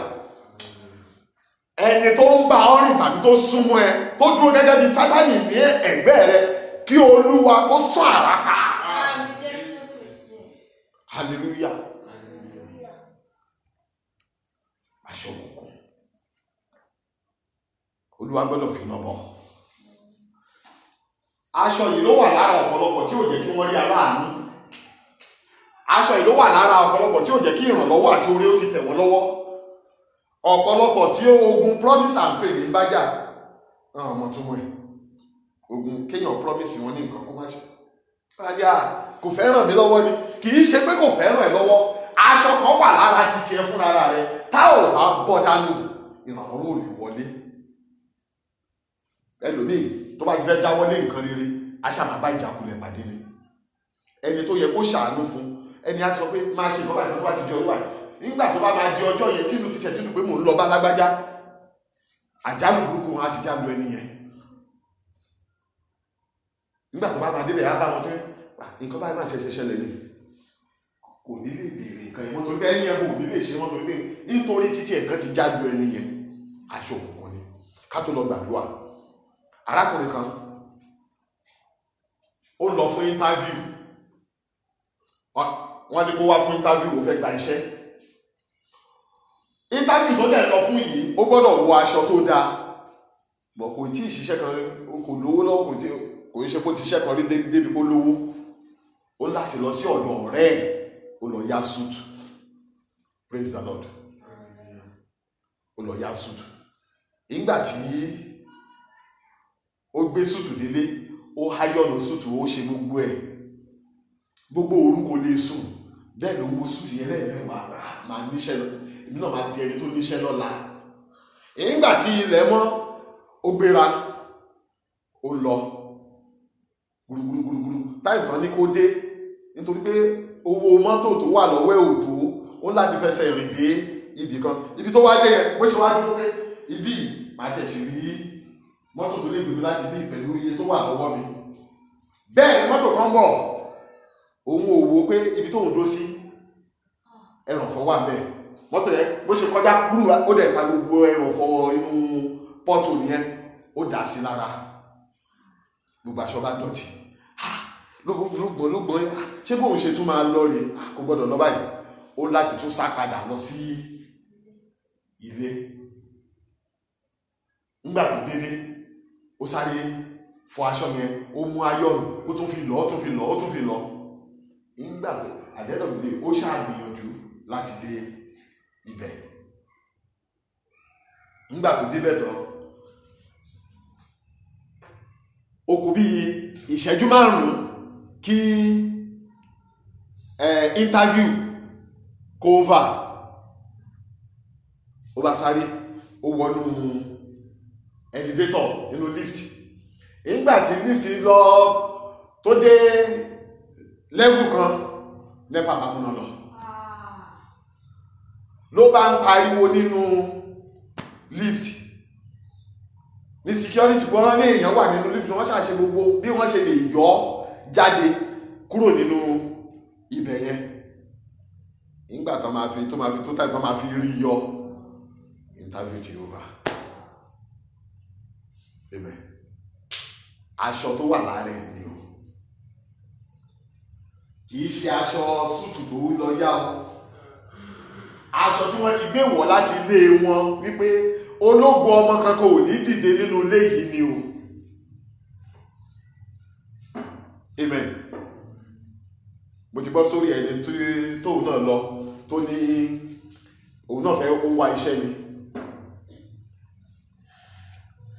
ẹni tó ń bá ọ rìn tàbí tó súnmọ́ ẹ tó dúró gẹ́gẹ́ bí sátani ní ẹ̀gbẹ́ rẹ kí olúwa kó sọ àràkà hallelujah aṣọ òkùnkùn olúwa gbọ́dọ̀ fi mọ́ bọ́ aṣọ yìí ló wà lára ọ̀pọ̀lọpọ̀ tí ò jẹ́ kí wọ́n rí aláàánú aṣọ yìí ló wà lára ọ̀pọ̀lọpọ̀ tí ò jẹ́ kí ìrànlọ́wọ́ àti oore ó ti tẹ̀ wọ́n lọ́wọ́ ọ̀pọ̀lọpọ̀ tí ogun promise and fail ń bá jà ọ̀hún ọmọ tó mọ̀ ẹ́ ogun kéèyàn promise wọn ní nǹkan kó má ṣe ayá kò fẹ́ ràn mí lọ́wọ́ ni kì í ṣe pé kò fẹ́ ràn ẹ́ lọ́wọ́ aṣọ kan wà lára titi ẹ fúnra rẹ tá ò bá bọ́ dánù ìrànlọ́wọ́ ò lè wọlé ẹlòmíì tó bá ti fẹ́ dáwọ́lé nǹkan rere aṣáà bàbá ìjàkulẹ̀ pàdé ni ẹni tó yẹ kó ṣàánú fún ẹni á sọ pé máa ṣe ìkọ́bà ìfọ́n tó bá ti di ọjọ́ wà nígbà tó bá máa di ọjọ́ yẹn tínú ti tẹ̀tínú pé mò ń lọ bá lágbájá àjálù burúkú wọn á ti jálu ẹni yẹn nígbà tó bá máa débẹ̀ á bá wọn tó nǹkan báyìí máa ṣẹ̀ṣẹ̀ ṣẹlẹ̀ ni kò ní lè béèrè nǹkan yẹn mọ́tò bẹ́ẹ̀ yẹn kò ní lè ṣe mọ́tò bẹ́ẹ̀ nítorí títí ẹ̀kan ti jálu ẹni yẹn aṣọ òkùnkùn ni ká tó lọ gbàdúrà arákùnrin kan ó lọ fún wọ́n ní kó wá fún interview ó fẹ́ gba iṣẹ́ interview tó dẹ̀ lọ fún yìí ó gbọ́dọ̀ wọ aṣọ tó dáa bọ̀ kò tí ì ṣiṣẹ́ kan rí kò lówó lọ́wọ́ kò tí kò ń ṣe kó ti ṣiṣẹ́ kan rí débi kó lówó ó láti lọ sí ọ̀dọ̀ ọ̀rẹ́ ẹ̀ ó lọ yá súùtù praise the lord ó lọ yá súùtù ìgbà tí ó gbé súùtù délé ó háyọ̀nù súùtù ó ṣe gbogbo ẹ̀ gbogbo òru lè sùn bẹ́ẹ̀ ló wo sùúrù yẹn lẹ́yìn máa máa níṣẹ́ èmi náà máa di ẹni tó níṣẹ́ lọ́la ìgbà tí ilẹ̀ mọ́ ó gbéra ó lọ gbùrùgbùrùgbùrù táì tán ní kó dé nítorí pé owó mọ́tò tó wà lọ́wọ́ ẹ̀ ó láti fẹsẹ̀ rìn dé ibì kan ibi tó wá dé yẹn bó ṣe wá dúró pé ibi màá tẹ̀ sí rí mọ́tò tó lè gbèmí láti bí pẹ̀lú iye tó wà lọ́wọ́ mi bẹ́ẹ̀ mọ́tò kan bọ̀ òun ò wo pé ibi tóun dó sí ẹrọ̀fọ̀ wà bẹ́ẹ̀ mọ́tò yẹn bó ṣe kọjá kúrú ó dẹ̀ ta gbogbo ẹrọ̀fọ̀ inú pọ́ọ̀tù nìyẹn ó dà sí lára gbogbo aṣọ bá dọ̀tí lógbòlógbòn lógbòlógbòn ṣé bóun ṣe tún máa lọ rè kò gbọ́dọ̀ lọ báyìí ó láti tún sá padà lọ sí ilé nígbà tó délé ó sáré fọ aṣọ yẹn ó mú ayọ̀nù ó tún fi lọ ó tún fi lọ ó tún fi lọ ìgbà tó at the end of the day ó ṣáà gbìyànjú láti dé ibẹ̀ nígbà tó débẹ̀ tán ó kù bí ìṣẹ́jú márùn-ún kí ẹ interview kó over ó bá sáré ó wọnú elevator nínú lift nígbà tí lift lọ tó dé lẹ́wù kan nẹ́pà bá múná lọ ló bá ń pariwo nínú lift ní security wọ́n ní èèyàn wà nínú lift wọ́n ṣàṣe gbogbo bí wọ́n ṣe lè yọ ọ́ jáde kúrò nínú ibẹ̀ yẹn nígbà tó máa fi tó máa fi tó tàbí tó máa fi rí yọ interview ti over amen aṣọ tó wà láàrin ẹ̀yìn kì í ṣe aṣọ súùtù tó lọ yá o aṣọ tí wọ́n ti gbé wọ̀ láti ilé wọn wípé ológun ọmọ kankan ò ní dìde nínú ilé yìí ni o amen mo ti bọ́ sórí ẹni tóun náà lọ tó ní òun náà fẹ́ ó wá iṣẹ́ ni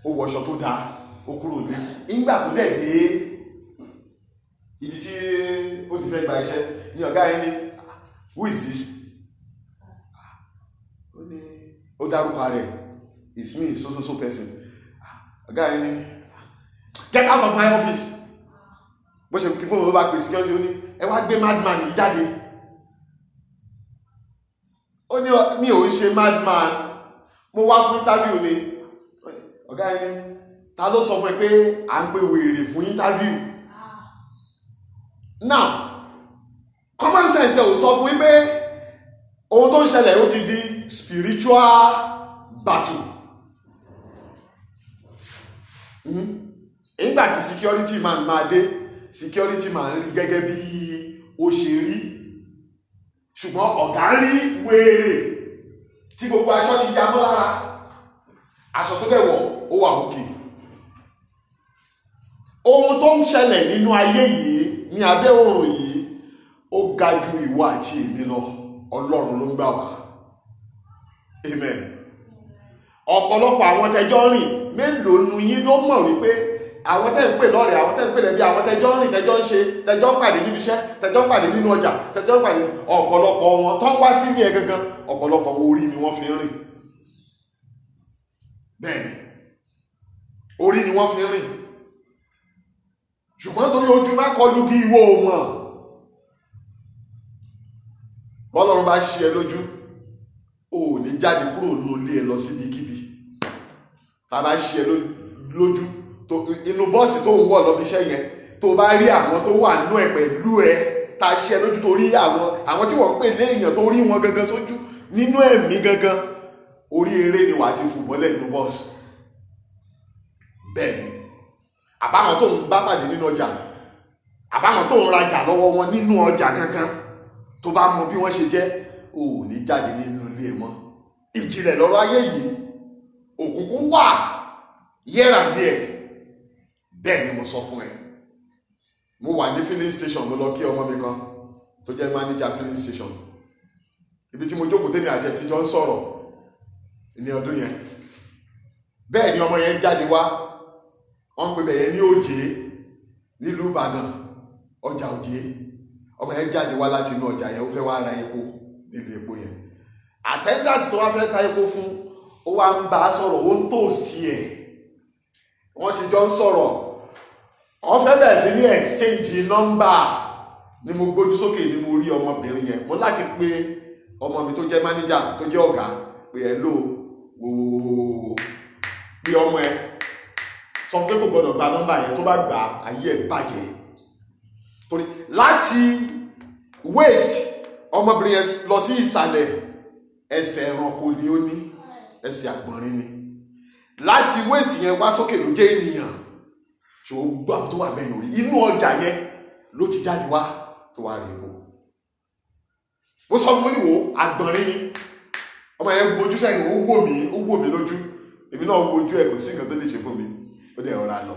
ó wọṣọ tó dáa ó kúrò ní ìgbà tó dẹ̀ dé fẹ́ gba iṣẹ́ ní ọ̀gá yẹn ní who is this ah, ó ní ó dárúkọ rẹ̀ it's me so so so person ah, ọ̀gá yẹn ní ah, get out of my office bó ṣe kí fóònù ló bá pè security ó ní ẹ wá gbé madman yìí jáde ó ní mi ò ń ṣe madman mo wá fún interview ni ọ̀gá yẹn ní ta ló sọ fún ẹ pé à ń pe wèrè fún interview now nonsense ò sọ fún yín pé ohun tó ń ṣẹlẹ̀ ó ti di spiritual battle hmm? nígbà tí security man máa dé security man rí gẹ́gẹ́ bí ó ṣe rí ṣùgbọ́n ọ̀gá rí wéèrè tí gbogbo aṣọ ti ya mọ́ lára aṣọ tó dẹ̀ wọ̀ ó wà òkè ohun tó ń ṣẹlẹ̀ nínú ayé yìí ní abẹ́ òòrùn yìí ó ga ju ìwọ àti èmi lọ ọlọ́run ló ń gbà wá amen ọ̀pọ̀lọpọ̀ àwọn tẹjọ́ rìn mélòó nu yín ló mọ̀ wípé àwọn tẹ́ ń pè lọ́rẹ̀ àwọn tẹ́ ń pè lẹ́bí àwọn tẹjọ́ ń rìn tẹjọ́ ń ṣe tẹjọ́ ń pàdé níbi iṣẹ́ tẹjọ́ ń pàdé nínú ọjà tẹjọ́ ń pàdé ọ̀pọ̀lọpọ̀ wọn tó ń wá sí ní ẹ̀ gangan ọ̀pọ̀lọpọ̀ orí ni wọ́n fi ń rìn bẹ́ẹ̀ni orí ni wọ́n fi ń rìn ṣùgbọ́n torí ojú má kọlu kí ìwọ ò mọ̀ bọ́lọ́run bá ṣí ẹ lójú o ò ní jáde kúrò nínú ilé ẹ lọ síbikíbi tá a bá ṣí ẹ lójú inú bọ́ọ̀sì tó ń wọ̀ lọ́bi iṣẹ́ yẹn tó bá rí àwọn tó wà nínú ẹ pẹ̀lú ẹ tá a ṣí ẹ lójú tó rí àwọn àwọn tí wọ́n ń pè léèyàn tó rí wọn gangan sójú nínú ẹ̀mí gangan orí eré ni wàá ti fò bọ́lẹ̀ nínú bọ́ọ̀sì bẹ́ẹ̀ ni àbáwọn tó ń bá pàdé nínú ọjà àbáwọn tó ń rajà lọ́wọ́ wọn nínú ọjà gangan tó bá mọ bí wọ́n ṣe jẹ́ o ò ní jáde nínú ilé ẹ mọ́ ìjìnlẹ̀ lọ́rọ̀ ayé yìí òkùnkùn wà yẹ́ra díẹ̀ bẹ́ẹ̀ ni mo sọ fún ẹ mo wà ní filling station mo lọ kí ọmọ mi kan tó jẹ́ manager filling station ibi tí mo jókòó tèmi àti ẹ̀tíjọ́ ń sọ̀rọ̀ ní ọdún yẹn bẹ́ẹ̀ ni ọmọ yẹn jáde wá wọ́n ń pè bẹ́ẹ̀ yẹn ní òjé nílùú Ìbàdàn ọjà òjé ọmọ yẹn jáde wá láti inú ọjà yẹn ó fẹ́ wá ra epo nílé epo yẹn attendant tó wá fẹ́ ta epo fún ó wá ń bá a sọ̀rọ̀ ó ń toast ẹ̀ wọ́n ti jọ ń sọ̀rọ̀ wọ́n fẹ́ bẹ̀rẹ̀ sí ní exchange nọ́mbà ni mo gbójú sókè ni mo rí ọmọbìnrin yẹn mo láti pe ọmọ mi tó jẹ́ manager tó jẹ́ ọ̀gá pé ẹ lò wòwòwòwò pé ọmọ ẹ sọ pé kò gbọdọ̀ gba nọ́mbà yẹn tó bá gbà ayé ẹ̀ bàjẹ́ torí láti waist ọmọbìnrin yẹn lọ sí ìsàlẹ̀ ẹsẹ̀ ẹranko ni ó ní ẹsẹ̀ àgbọ̀nrín ni láti waist yẹn wá sókè ló jẹ́ ènìyàn ṣùgbọ́n gbogbo àwọn tó wà mẹ́yìn orí inú ọjà yẹn ló ti jáde wá tó wá rí epo mo sọ fún mi wò àgbọ̀nrín ni ọmọ yẹn gbojú sẹ́yìn ó wò mí ó wò mí lójú èmi náà wojú ẹ̀ kò sí nǹkan tó lè ṣe fún mi ó dẹ̀ rọra lọ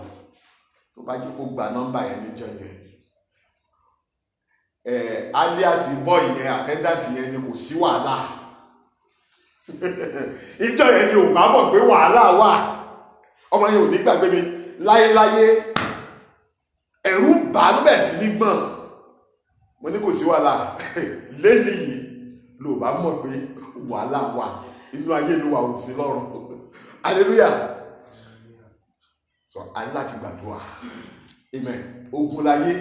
tó bá jẹ́ kó gba nọ́mbà yẹn níjọ́ yẹn ẹ alias boy yẹn attendant yẹn ni kò sí wàhálà ìjọ yẹn ni ò bá mọ̀ pé wàhálà wà ọmọ yẹn ò ní gbàgbé mi láyéláyé ẹ̀rù ń bà á ló bẹ̀rẹ̀ sí ní gbọ̀n mo ní kò sí wàhálà lẹ́nu yìí ló bá mọ̀ pé wàhálà wà inú ayé ló wà ò sí lọ́rùn hallelujah so a ní láti gbàdúrà amen ogun láyé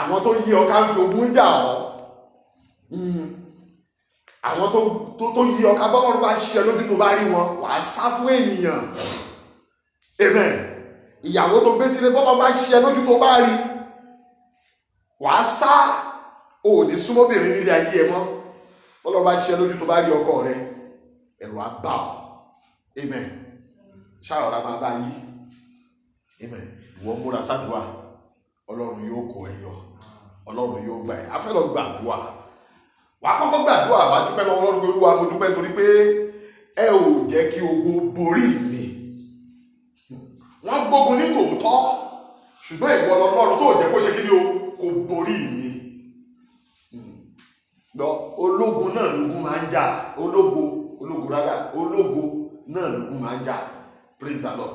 àwọn tó yí ọká ń fi ogun jà ọ́ hmm. àwọn tó yí ọká bọ́lọ́run bá ṣe lójú tó bá rí wọn wàá sá fún ènìyàn amen ìyàwó tó gbé sílé bọ́lọ́run bá ṣe lójú tó bá rí wàá sá ò ní súnmọ́bìnrin nílé ayé ẹ mọ́ bọ́lọ́run bá ṣe lójú tó bá rí ọkọ rẹ ẹ̀rù á bà ọ́ amen ṣáà ọ̀rá máa bá yí amen ìwọ múra sádùúwà ọlọ́run yóò kó ẹ yọ ọlọ́run yóò gbà ẹ́ a fẹ́ lọ gbàdúrà wà á kọ́kọ́ gbàdúrà wà á dúpẹ́ lọ́wọ́ ọlọ́run pé olúwa mo dúpẹ́ torí pé ẹ ò jẹ́ kí ogun borí mi wọ́n gbógun ní tòótọ́ ṣùgbọ́n ìwọ ọlọ́run tó jẹ́ kó ṣe kí ni o kò borí mi lọ ológun náà lógun máa ń jà ológo ológo rárá ológo náà lógun máa ń jà praise the lord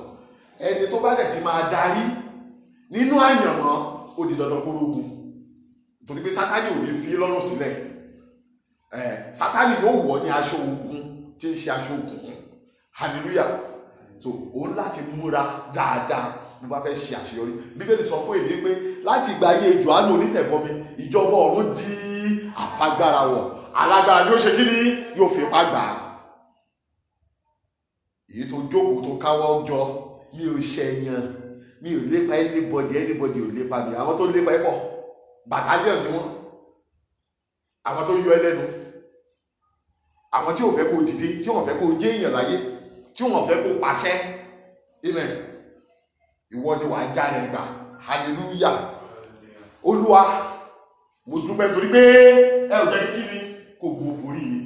ẹni tó bá dẹ̀ ti máa darí nínú àyànmọ́ ó di dandan kó lógun torí pé sátani ò lè fi lọ́rùn sílẹ̀ ẹ sátani yóò wọ̀ ní aṣọ ogun tí ń ṣe aṣọ òkùnkùn hallelujah so òun láti múra dáadáa ló bá fẹ́ ṣe àṣeyọrí bíbélì sọ fún èmi pé láti ìgbà ayé johannu onítẹ̀bọmi ìjọba ọ̀run di àfagbára wọ̀ alágbára ni ó ṣe kí ni yóò fi ipá gbà á èyí tó jókòó tó káwọ́ jọ ní oṣẹ́ yan mi ò lépa anybody anybody ò lépa mi àwọn tó lépa ẹ pọ̀ bàtálíọ̀n ni wọ́n àwọn tó yọ ẹlẹ́nu àwọn tí ò fẹ́ kó dìde tí wọ́n fẹ́ kó jẹ́ èèyàn láyé tí wọ́n fẹ́ kó pàṣẹ amen ìwọ ni wàá jáde gbà hallelujah olúwa mo dúpẹ́ torí pé ẹ ò jẹ́ kí kí ni kò gbòòbò rí mi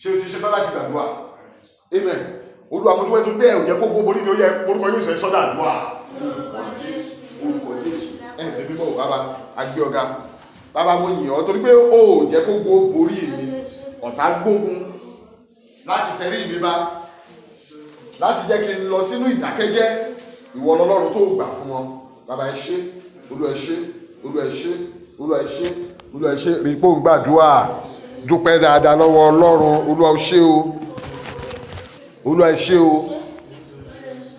ṣé o ti ṣe bá láti gbàdúrà amen olúwa mo dúpẹ́ tó bẹ́ẹ̀ ò jẹ́ kó gbogbo orí ni ó yẹ orúkọ yóò sọ ẹ́ sọ́dà àdúrà orúkọ jésù ẹ̀ ẹ̀ mímọ́ ò bàbá agbé ọ̀gá bàbá mo yìn ọ́ torí pé ó jẹ́ kó gbogbo orí mi ọ̀tá gbógun láti tẹ̀rí mi bá láti jẹ́ kí n lọ sínú ìdákẹ́jẹ́ ìwọ ọlọ́run tó gbà fún wọn bàbá ẹ ṣé olú ẹ ṣé olú ẹ ṣé olú ẹ ṣé olú ẹ ṣé rí i pé òun gbàdúrà dúpẹ́ dáadáa lọ́wọ́ ọlọ́run olú ẹ ṣé o olúwa ẹ ṣé o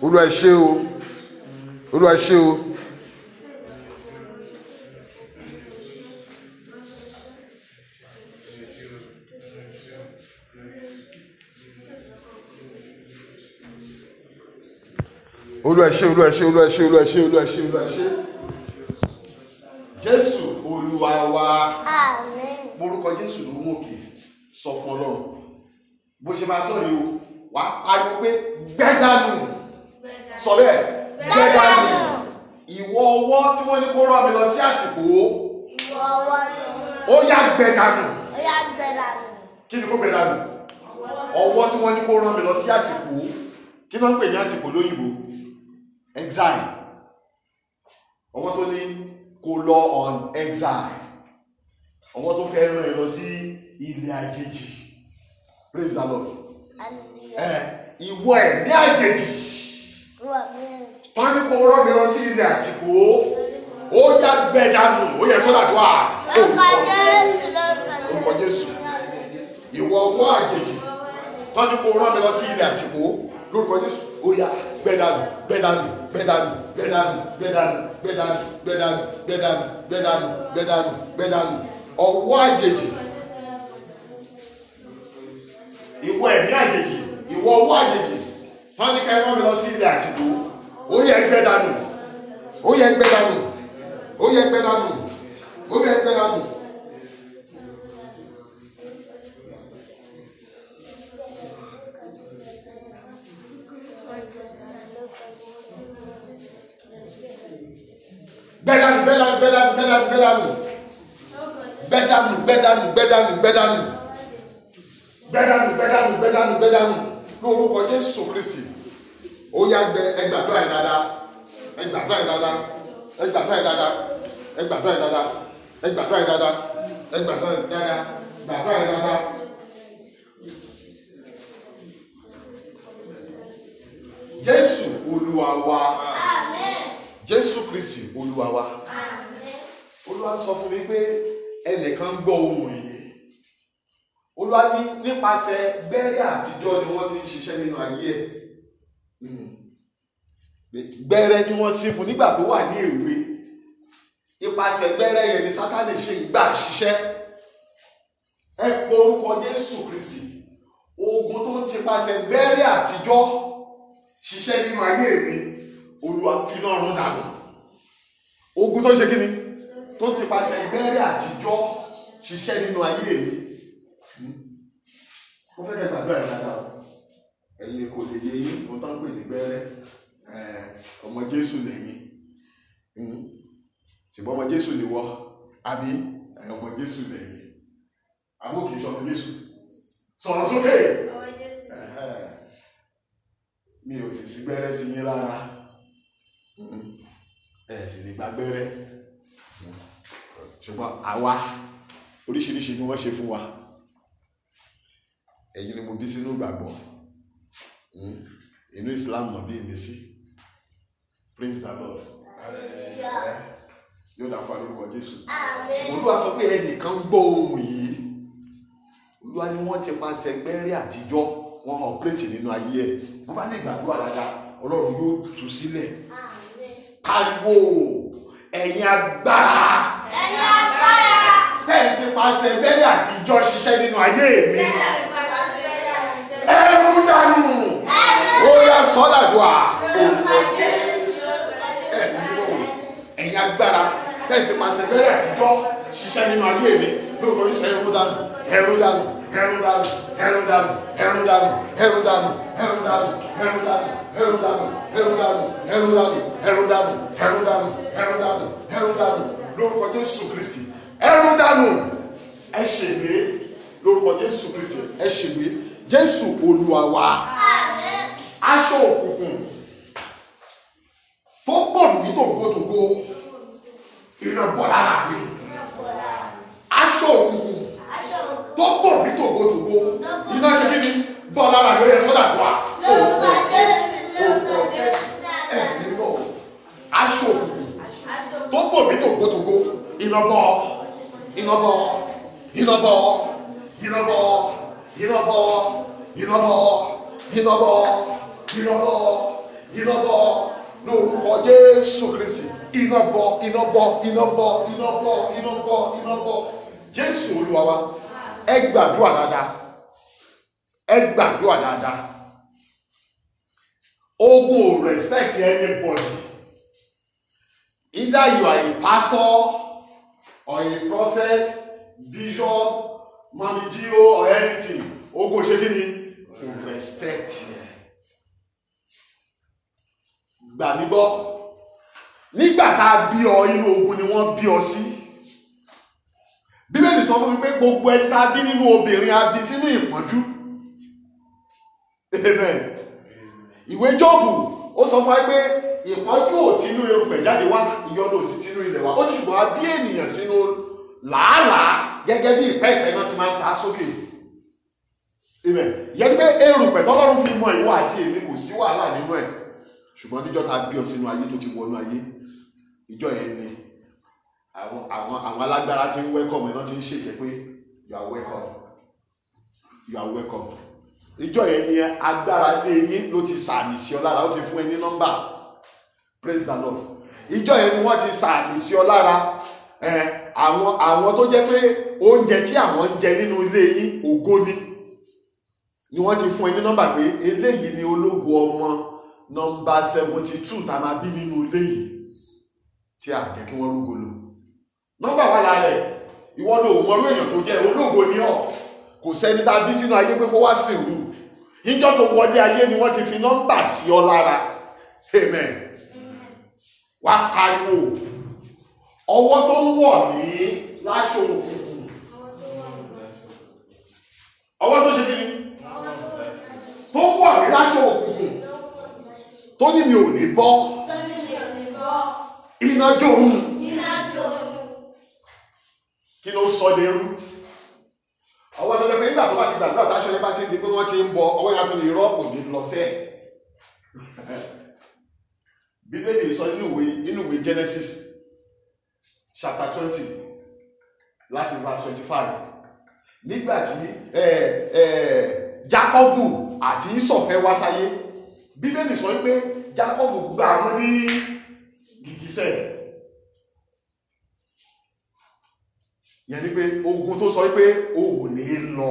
olúwa ẹ ṣé o olúwa ẹ ṣé o. olúwa ẹ ṣé olúwa ẹ ṣé olúwa ẹ ṣé olúwa ẹ ṣé olúwa ẹ ṣé olúwa ẹ ṣé jésù olúwa wa àmín morúkọ jésù ló mú òkè sọ fún ọlọ́run bó ṣe máa sọ rèé o wàá pariwo pé gbẹ́dánù sọ bẹ́ẹ̀ gbẹ́dánù ìwọ ọwọ́ tí wọ́n ní kó rán mi lọ sí àtìkó ó yá gbẹ́dánù kí ni kó gbẹ́dánù ọwọ́ tí wọ́n ní kó rán mi lọ sí àtìkó kí ni wọ́n ń pè ní àtìkó lóyìnbó exile ọwọ́ tó ní kó lọ on exile ọwọ́ tó fẹ́ rán ẹ lọ sí ilé àjèjì praise the lord ìwọ ẹ̀ ní àjèjì tọ́ni kò rọ́ mi lọ sí ilẹ̀ àtìkó ó yá gbẹ dànù ó yẹ sọ́dà dùn à orúkọ Jésù ìwọ ọwọ́ àjèjì tọ́ni kò rọ́ mi lọ sí ilẹ̀ àtìkó lórúkọ Jésù ó yá gbẹ dànù gbẹ dànù gbẹ dànù gbẹ dànù gbẹ dànù gbẹ dànù gbẹ dànù gbẹ dànù gbẹ dànù gbẹ dànù gbẹ àjèjì. ìwọ ẹ̀mí àjèjì ìwọ ọwọ́ àjèjì tán ní ka mi lọ sí ilẹ̀ àtìkú ó yẹ gbẹ dànù ó yẹ gbẹ dànù ó yẹ gbẹ dànù ó yẹ dànù. gbẹ́dánù gbẹ́dánù gbẹ́dánù gbẹ́dánù lórúkọ Jésù Kristi ó yá gbẹ ẹgbàdúrà yìí dáadáa ẹgbàdúrà yìí dáadáa ẹgbàdúrà yìí dáadáa ẹgbàdúrà yìí dáadáa ẹgbàdúrà yìí dáadáa ẹgbàdúrà yìí dáadáa gbàdúrà yìí dáadáa. Jésù Olúwa wa Jésù Kristi Olúwa wa Olúwa sọ fún mi pé ẹnìkan gbọ́ ohùn yìí olúwa ní nípasẹ̀ gbẹ́rẹ́ àtijọ́ ni wọ́n ti ń ṣiṣẹ́ nínú ayé ẹ̀ gbẹ́rẹ́ hmm. tí wọ́n sí fún nígbà tó wà ní èwe nípasẹ̀ gbẹ́rẹ́ yẹn ni sátánì ṣe ń gbà ṣiṣẹ́ ẹ pọ orúkọ Jésù Kristi ogun tó ń tipasẹ̀ gbẹ́rẹ́ àtijọ́ ṣiṣẹ́ nínú ayé mi olúwa finá ọ̀run dànù ogun tó ń ṣe kí ni tó ń tipasẹ̀ gbẹ́rẹ́ àtijọ́ ṣiṣẹ́ nínú ayé mi wọ́n fẹ́ kẹta àdúrà ìlànà ẹ̀yin kò lè yé yín mo tán pè ní gbẹ́rẹ́ ọmọ Jésù lẹ́yìn hmm? ṣùgbọ́n ọmọ Jésù lè wọ́ àbí ọmọ Jésù lẹ́yìn àbókè ìṣọmọ Jésù sọ̀rọ̀ sókè mi ò sì sí gbẹ́rẹ́ sí yín lára hmm? ẹ sì lè gba gbẹ́rẹ́ hmm? ṣùgbọ́n àwa oríṣiríṣi ni wọ́n ṣe fún wa ẹ̀yin ni mo bí sínú ìgbàgbọ́ hmm? inú Islam náà bí èmi sí praise the Lord yóò dà fún alórúkọ Jésù ṣùgbọ́n Olúwa sọ pé ẹnìkan gbọ́ ohun yìí Olúwa ni wọ́n ti pàṣẹ gbẹ́rẹ́ àtijọ́ wọ́n hàn pléètì nínú ayé ẹ̀ wọ́n bá lè gbàdúrà dáadáa Ọlọ́run yóò tú sílẹ̀ pariwo ẹ̀yin agbára ẹ̀yin agbára tẹ̀ ti pàṣẹ gbẹ́rẹ́ àtijọ́ ṣiṣẹ́ nínú ayé mi mú dání ó yá sọ́dàdúà ẹ̀yin agbára tẹ́tí pàṣẹ bẹ́rẹ̀ àtijọ́ ṣiṣẹ́ nínú ayé mi lóko yìí sọ ẹ̀rú dànù ẹ̀rú dànù ẹ̀rú dànù ẹ̀rú dànù ẹ̀rú dànù ẹ̀rú dànù ẹ̀rú dànù ẹ̀rú dànù ẹ̀rú dànù ẹ̀rú dànù ẹ̀rú dànù ẹ̀rú dànù ẹ̀rú dànù ẹ̀rú dànù ẹ̀rú dànù lórúkọ Jésù Kristi ẹ̀rú dànù ẹ ṣègbé lórúkọ Jésù Kristi ẹ ṣègbé jésù olúwa wa aṣọ òkùnkùn tó pọ̀ ní tògbótògbó iná bọ́ lára mi aṣọ òkùnkùn tó pọ̀ ní tògbótògbó iná ṣe kí ni bọ́ lára mi ó yẹ sọ́dà tó a òkùnkùn òkùnkùn ẹ̀ nínú aṣọ òkùnkùn tó pọ̀ ní tògbótògbó iná bọ́ iná bọ́ iná bọ́. ìrànbọ̀ ìrànbọ̀ ìrànbọ̀ ìrànbọ̀ lórúkọ Jésù Kristi ìrànbọ̀ ìrànbọ̀ ìrànbọ̀ ìrànbọ̀ ìrànbọ̀ ìrànbọ̀ Jésù Olúwa wa ẹ gbàdúrà dáadáa ẹ gbàdúrà dáadáa ogun respect anybody either you are a pastor or a prophet bishop Mami managio or anything ogun ò ṣe kí ni o respect yẹn gbà mí gbọ́ nígbà tá a bí ọ inú ogun ni wọ́n bí ọ sí bíbélì sọ fún mi pé gbogbo ẹni tá a bí nínú obìnrin a bí sínú ìpọ́njú amen ìwé jọ́ọ̀bù ó sọ fún wa pé ìpọ́njú ò tínú erùpẹ̀ jáde wá ìyọnu ò sì tínú ilẹ̀ wá ó ní ṣùgbọ́n a bí ènìyàn sínú làálàá gẹ́gẹ́ bí ìpẹ́ ìpẹ́ náà ti máa ń ta sókè. Okay amen yẹn pé erùpẹ̀ tọ́lọ́run fi mọ ìwọ àti èmi kò sí wàhálà nínú ẹ̀ ṣùgbọ́n níjọ́ ta bí ọ sínú ayé tó ti wọnú ayé ìjọ yẹn ni àwọn àwọn àwọn alágbára ti ń wẹ́kọ̀mù ẹ̀ náà ti ń ṣèké pé you are welcome you are welcome ìjọ yẹn ni agbára lé yín ló ti sàmì sí ọ lára ó ti fún ẹ ní nọ́mbà praise the lord ìjọ yẹn ni wọ́n ti sàmì sí ọ lára àwọn àwọn tó jẹ́ pé oúnjẹ tí àwọn ń jẹ nínú ilé yín ògo ni ni wọ́n ti fún ẹ ní nọ́mbà pé eléyìí ni ológo ọmọ nọ́mbà seventy two tá a máa bí nínú ilé yìí tí a jẹ́ kí wọ́n rúgbó lò nọ́mbà wà lára ẹ̀ ìwọ́n ló mọ̀rú èèyàn tó jẹ́ ológo ni ọ́ kò sẹ́ni tá a bí sínú ayé pé kó wá sí ìrù níjọ́ tó wọlé ayé ni wọ́n ti fi nọ́mbà sí ọ lára amen wá pariwo ọwọ́ tó ń wọ̀ ní láṣọ òkùnkùn ọwọ́ tó ṣe kí ni tó wà mí láṣọ òkùnkùn tó ní mi ò ní bọ́ iná jó òun kí ló sọ dẹrú ọwọ́ ẹ̀dọ́dọ́ pé nígbà tó bá ti gbàdúrà táṣọ yẹn bá ti di pé wọ́n ti ń bọ ọwọ́ yẹn á tún lè rọ́ọ̀pù ní lọ sẹ́ẹ̀ bíbélì sọ nínú ìwé nínú ìwé Genesis chapter twenty láti verse twenty five nígbà tí eh, eh, Jacobu àti ìsọ̀fẹ́ wá sáyé bíbélì sọ wípé Jacob gbà wọ́n ní gìgísẹ̀ yẹn ni pé ogun tó sọ wípé o ò ní lọ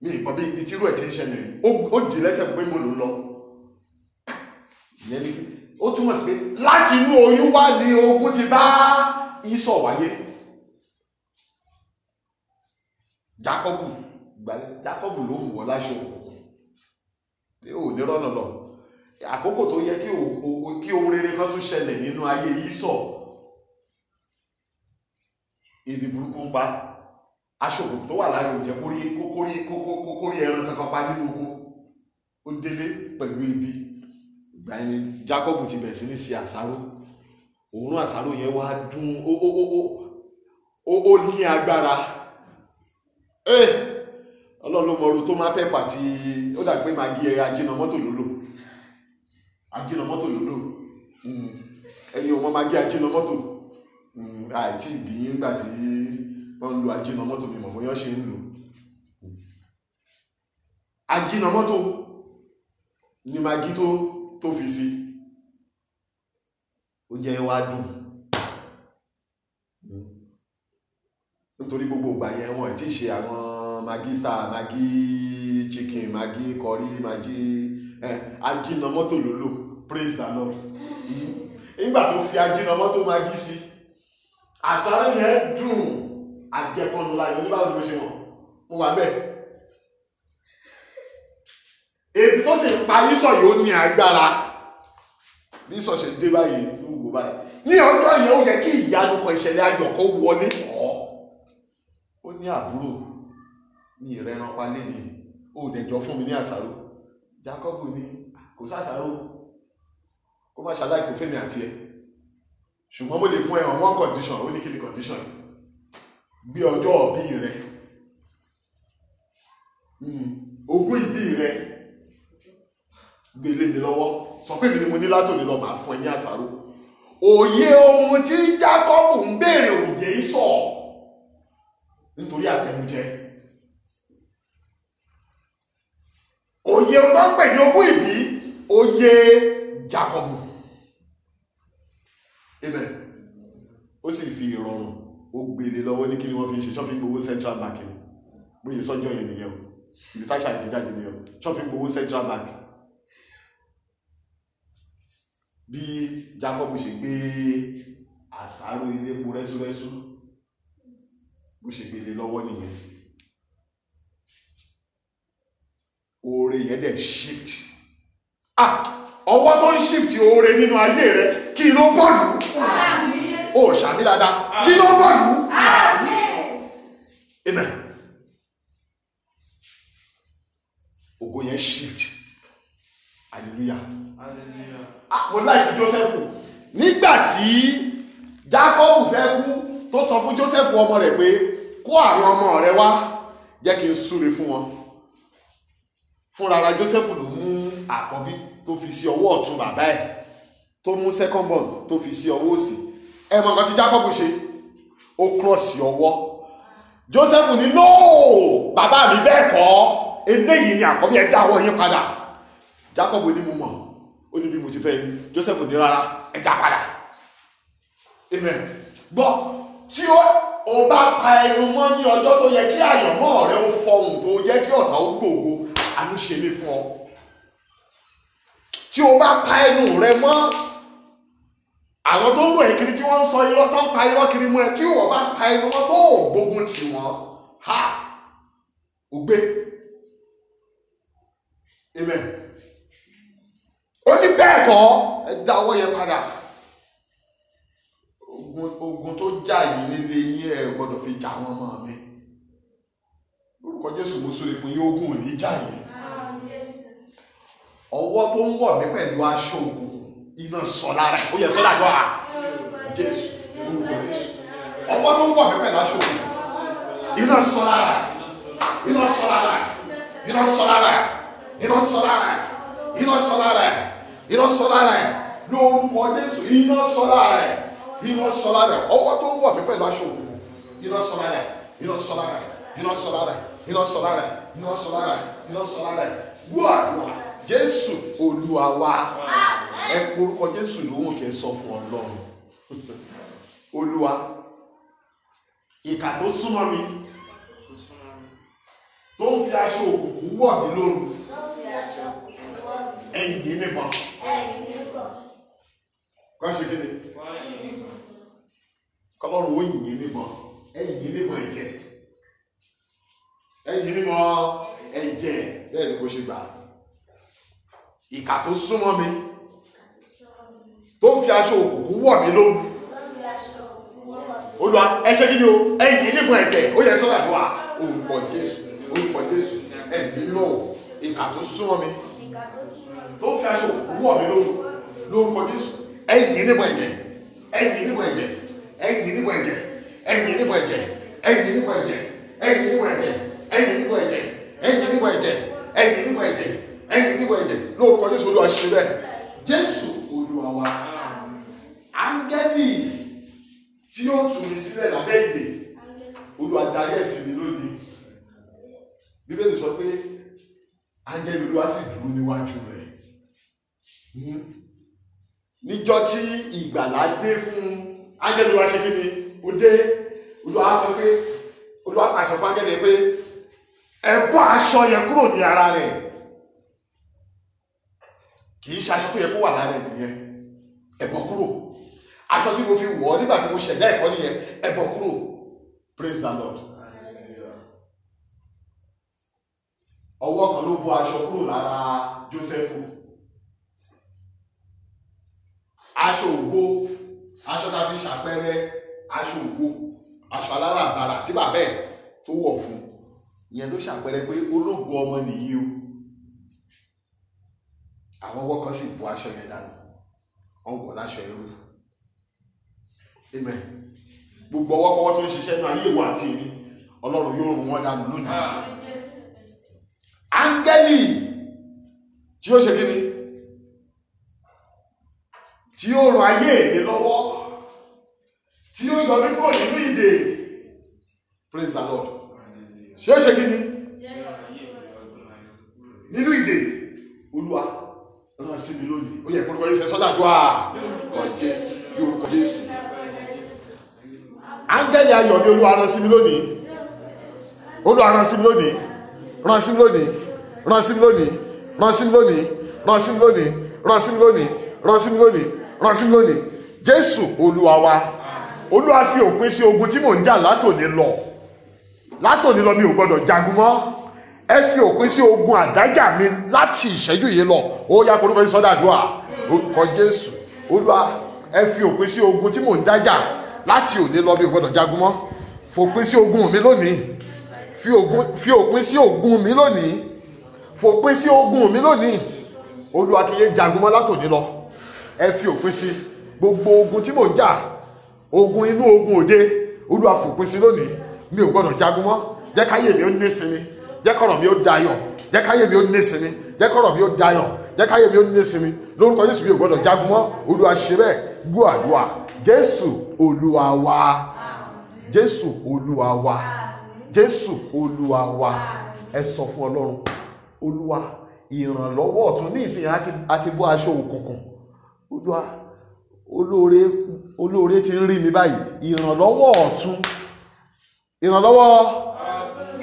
mi ìgbọ́n bí ibi tírú ẹ̀ ti ń ṣẹlẹ̀ rí ó dì lẹ́sẹ̀ pé mo lò ń lọ yẹn ni ó túmọ̀ sí pé láti inú oyún wá ní ogun ti bá ìsọ̀ wáyé. jákọ́bù ìgbàlẹ̀ jákọ́bù ló ń wọ̀ láṣọ ní rọ́nà lọ àkókò tó yẹ kí ohun rere kan tún ṣẹlẹ̀ nínú ayé yìí sọ ibi burúkú ń pa aṣòkò tó wà láàrin òjẹ kórí kókórí kókórí ẹran kankan pa nínú oko ó délé pẹ̀lú ibi ìgbà yẹn ni Jacob ti bẹ̀rẹ̀ sí ní ṣe àṣàrò òórùn àṣàrò yẹn wá ó ọlọ́run ló mọ oru tó máa pẹ́pà tí ó dà pé màá gé ẹ ajínà mọ́tò lólò ajínà mọ́tò lólò hmm. ẹ̀yin ò mọ màá gé ajínà mọ́tò hmm. àìtí ìbí nígbà tí wọ́n ń lo ajínà mọ́tò mímọ̀ bóyá ṣe ń lò ajínà mọ́tò ni màgí tó tó fi sí ó jẹ́ wá dùn hmm. nítorí gbogbo ìgbà yẹn wọn ì tí ì ṣe àwọn magi star magi chicken magi curry magi eh, ajínà mọ́tò praise the lord hmm? nígbà tó fi ajínà mọ́tò magi sí àṣàrẹ́ yẹn dùn àjẹpọ̀nù láyé nígbà tó ṣe wọ̀n mo wà bẹ́ẹ̀ èdè tó sì pa yísọ̀ yóò ní agbára bí sọ̀ ṣe dé báyìí wò báyìí ní ọjọ́ yẹn ó yẹ kí ìyanu kan ìṣẹ̀lẹ̀ ayọ̀ kó wọlé tọ̀ ó ní àbúrò ni ì rẹran pa ni ó dẹjọ́ fún mi ní àṣàrò Jacob ní kò sàṣàrò kó má ṣaláì tó fẹ́mi àti ẹ ṣùgbọ́n mo lè fún ẹ on one condition ó ní kí ni condition gbé ọjọ́ ọ̀bí rẹ hmm, ogún ìbí rẹ gbélé mi lọ́wọ́ sọ pé mi ni mo ní látòlè lọ màá fún ẹ ní àṣàrò òye ohun tí Jacob ń béèrè òye sọ nítorí àtẹnujẹ. òye tó ń pè ní ogún ìbí òye Jacob amen ó sì fi ìrọ̀rùn ó gbélé lọ́wọ́ ní kí ni wọ́n fi ń ṣe shopping gbowó central bank ni bóyá sọ́jọ́ yẹn nìyẹn o ibi táṣà ìdíjáde nìyẹn o shopping gbowó central bank bí Jacob ṣe gbé àsáró ilé epo rẹ́súrẹ́sú bó ṣe gbélé lọ́wọ́ nìyẹn. oore yẹn dẹ̀ shift ah ọwọ́ tó ń shift oore nínú ayé rẹ kí ló bọ́ọ̀lù o ṣàmì dáadáa kí ló bọ́ọ̀lù amen ògo yẹn shift hallelujah ah mo láìkí Joseph nígbà tí Jacob fẹ́ kú tó sọ fún Joseph ọmọ rẹ̀ pé kó àwọn ọmọ rẹ wá jẹ́ kí n súre fún wọn fúnrara Joseph ló mú àkọ́bí tó fi sí ọwọ́ ọ̀tún bàbá ẹ̀ tó mú second born tó fi sí ọwọ́ òsì ẹ mọ̀ nǹkan tí Jacob ṣe ó kúrọ̀sì ọwọ́ Joseph ní nóò bàbá mi bẹ́ẹ̀ kọ́ eléyìí ni àkọ́bí ẹ dáwọ́ yín padà Jacob ní mo mọ̀ ó ní bí mo ti fẹ́ yín Joseph ní rárá ẹ dá padà amen gbọ́ tí ó o bá pa ẹnu mọ́ ní ọjọ́ tó yẹ kí àyànmọ́ rẹ ó fọhùn tó jẹ́ kí ọ̀tá ó gbòògo àánú ṣe lè fún ọ tí o bá pa ẹnu rẹ mọ́ àwọn tó ń lò ẹ̀kiri tí wọ́n ń sọ irọ́ tó ń pa irọ́ kiri mọ́ ẹ tí o bá pa ẹnu mọ́ tó gbógun tì wọ́n ha ò gbé amen ó ní bẹ́ẹ̀ kọ́ ẹ dá ọwọ́ yẹn padà ogun tó jà yìí nílé yín ẹ gbọ́dọ̀ fi jà wọ́n mọ́ mi lórúkọ Jésù mo sọ èfún yín ogun ò ní jà yìí ọwọ́ tó ń wọ̀ mí pẹ̀lú aṣọ òkùnkùn iná sọ lára ẹ̀ ó yẹ sọ́dà gbọ́ à jésù orúkọ jésù ọwọ́ tó ń wọ̀ mí pẹ̀lú aṣọ òkùnkùn iná sọ lára iná sọ lára iná sọ lára iná sọ lára iná sọ lára iná sọ lára ẹ̀ lórúkọ jésù iná sọ lára ẹ̀ iná sọ lára ẹ̀ ọwọ́ tó ń wọ̀ mí pẹ̀lú aṣọ òkùnkùn iná sọ lára ẹ̀ iná sọ lára ẹ̀ iná sọ lára ẹ̀ iná sọ lára ẹ̀ iná sọ lára ẹ̀ iná sọ lára ẹ̀ wúwà jésù olúwa wa ẹ orúkọ jésù lóhùn kẹ sọ fún ọlọ́run olúwa ìkà tó súnmọ́ mi tó ń fi aṣọ òkùnkùn wọ̀ mí lóru ẹ̀yìn níbọn kọ́ ṣe kí ni kọlọ́run ó yìn níbọn ẹ̀yìn níbọn ẹ̀jẹ̀ ẹ̀yìn níbọn ẹ̀jẹ̀ bẹ́ẹ̀ ni kò ṣe gbà á ìkà tó súnmọ́ mi tó ń fi aṣọ òkùnkùn wọ̀ mí lóru olùwà ẹ ṣe kí ni o ẹ̀yìn nígun ẹ̀jẹ̀ ó yẹ sọ́dà lọ́wọ́ orúkọ Jésù orúkọ Jésù ẹ̀mí lọ́wọ́ ìkà tó súnmọ́ mi tó ń fi aṣọ òkùnkùn wọ̀ mí lóru lórúkọ Jésù ẹ̀yìn nígun ẹ̀jẹ̀ ẹ̀yìn nígun ẹ̀jẹ̀ ẹ̀yìn nígun ẹ̀jẹ̀ ẹ̀yìn nígun ẹ̀jẹ̀ ẹ̀yìn nígun ẹ̀jẹ̀ ẹ̀yìn nígun ẹ̀jẹ̀ ẹ̀yìn nígun ẹ̀jẹ̀ ẹ̀yìn nígun ẹ̀jẹ̀ ẹ̀yìn nígun ẹ̀jẹ̀ ẹ̀yin níwọ̀ ẹ̀jẹ̀ lóòkọ jésù olúwa ṣe bẹ́ẹ̀ jésù olúwa wa áńgẹ́lì tí ó tù mí sílẹ̀ lábẹ́ ìdè olúwa darí ẹ̀sìn mi lónìí bíbélì sọ pé áńgẹ́lì olúwa sì dúró níwájú rẹ̀ níjọ́ tí ìgbàlá dé fún áńgẹ́lì olúwa ṣe kí ni ó dé olúwa sọ pé olúwa fàṣọ fún áńgẹ́lì pé ẹ bọ́ aṣọ yẹn kúrò ní ara rẹ̀ kì í ṣe aṣọ tó yẹ kó wà lára ẹ̀ nìyẹn ẹ̀bọ̀ kúrò aṣọ tí mo fi wọ̀ ọ́ nígbà tí mo ṣẹ̀dá ẹ̀kọ́ nìyẹn ẹ̀bọ̀ kúrò praise the lord ọwọ́ kan ló bọ́ aṣọ kúrò lára joseph aṣọ ògo aṣọ tá a fi ṣàpẹẹrẹ aṣọ ògo aṣọ alára àbàrà tí bàbá ẹ̀ tó wọ̀ fún ìyẹn ló ṣàpẹẹrẹ pé ológo ọmọ nìyí o àwọn ọwọ́ kan sì bu aṣọ yẹn dànù wọ́n wọ̀ láṣọ ẹrú amen gbogbo ọwọ́kọwọ́ tó ń ṣiṣẹ́ náà ayé ìwà àti èmi ọlọ́run yóò rún wọn dànù lónìí ah. áńgẹ́lì tí ó ṣe kí ni tí ó rún ayé èmi lọ́wọ́ tí ó yọ mí kúrò nínú ìdè praise the lord tí ó ṣe kí ni nínú ìdè mi lónìí ó yẹ kó lóko ìfẹ́ sọ́dà tó à kọ Jésù bí orúkọ Jésù áńgẹ́lì ayọ̀ ni Olúwa rán sí mi lónìí Olúwa rán sí mi lónìí rán sí mi lónìí rán sí mi lónìí rán sí mi lónìí rán sí mi lónìí rán sí mi lónìí rán sí mi lónìí rán sí mi lónìí Jésù Olúwa wa Olúwa fi òpin sí ogun tí mò ń jà látòní lọ látòní lọ mi ò gbọdọ̀ jagun mọ́ ẹ fi òpin sí ogun àdájà mi láti ìṣẹ́jú yìí lọ ó yá korúkọ yìí sọ́dọ̀ àdúrà orúkọ jésù olúwa ẹ fi òpin sí ogun tí mò ń dájà láti òní lọ bí o gbọ́dọ̀ jagun mọ́ fòpin sí ogun mi lónìí fi òpin sí ogun mi lónìí fòpin sí ogun mi lónìí olúwa kì í yé jagun mọ́ látòní lọ ẹ fi òpin sí gbogbo ogun tí mò ń jà ogun inú ogun òde olúwa fòpin sí lónìí mi ò gbọ́dọ̀ jagun mọ́ jẹ́ káyé mi ó ní sinmi jẹ́ kọ̀rọ̀ mi ó dayọ̀ jẹ́ mi ó ní sinmi jẹ́ mi ó dayọ̀ jẹ́ káyé mi ó ní sinmi lórúkọ Jésù mi ò gbọ́dọ̀ jagun mọ́ Olúwa ṣe bẹ́ẹ̀ gbọ́ àdúrà Jésù Olúwa wa Jésù Olúwa wa Jésù Olúwa wa ẹ sọ fún Ọlọ́run Olúwa ìrànlọ́wọ́ ọ̀tún ní ìsìn àti bọ́ aṣọ òkùnkùn Olúwa olóore olóore ti ń rí mi báyìí ìrànlọ́wọ́ ọ̀tún ìrànlọ́wọ́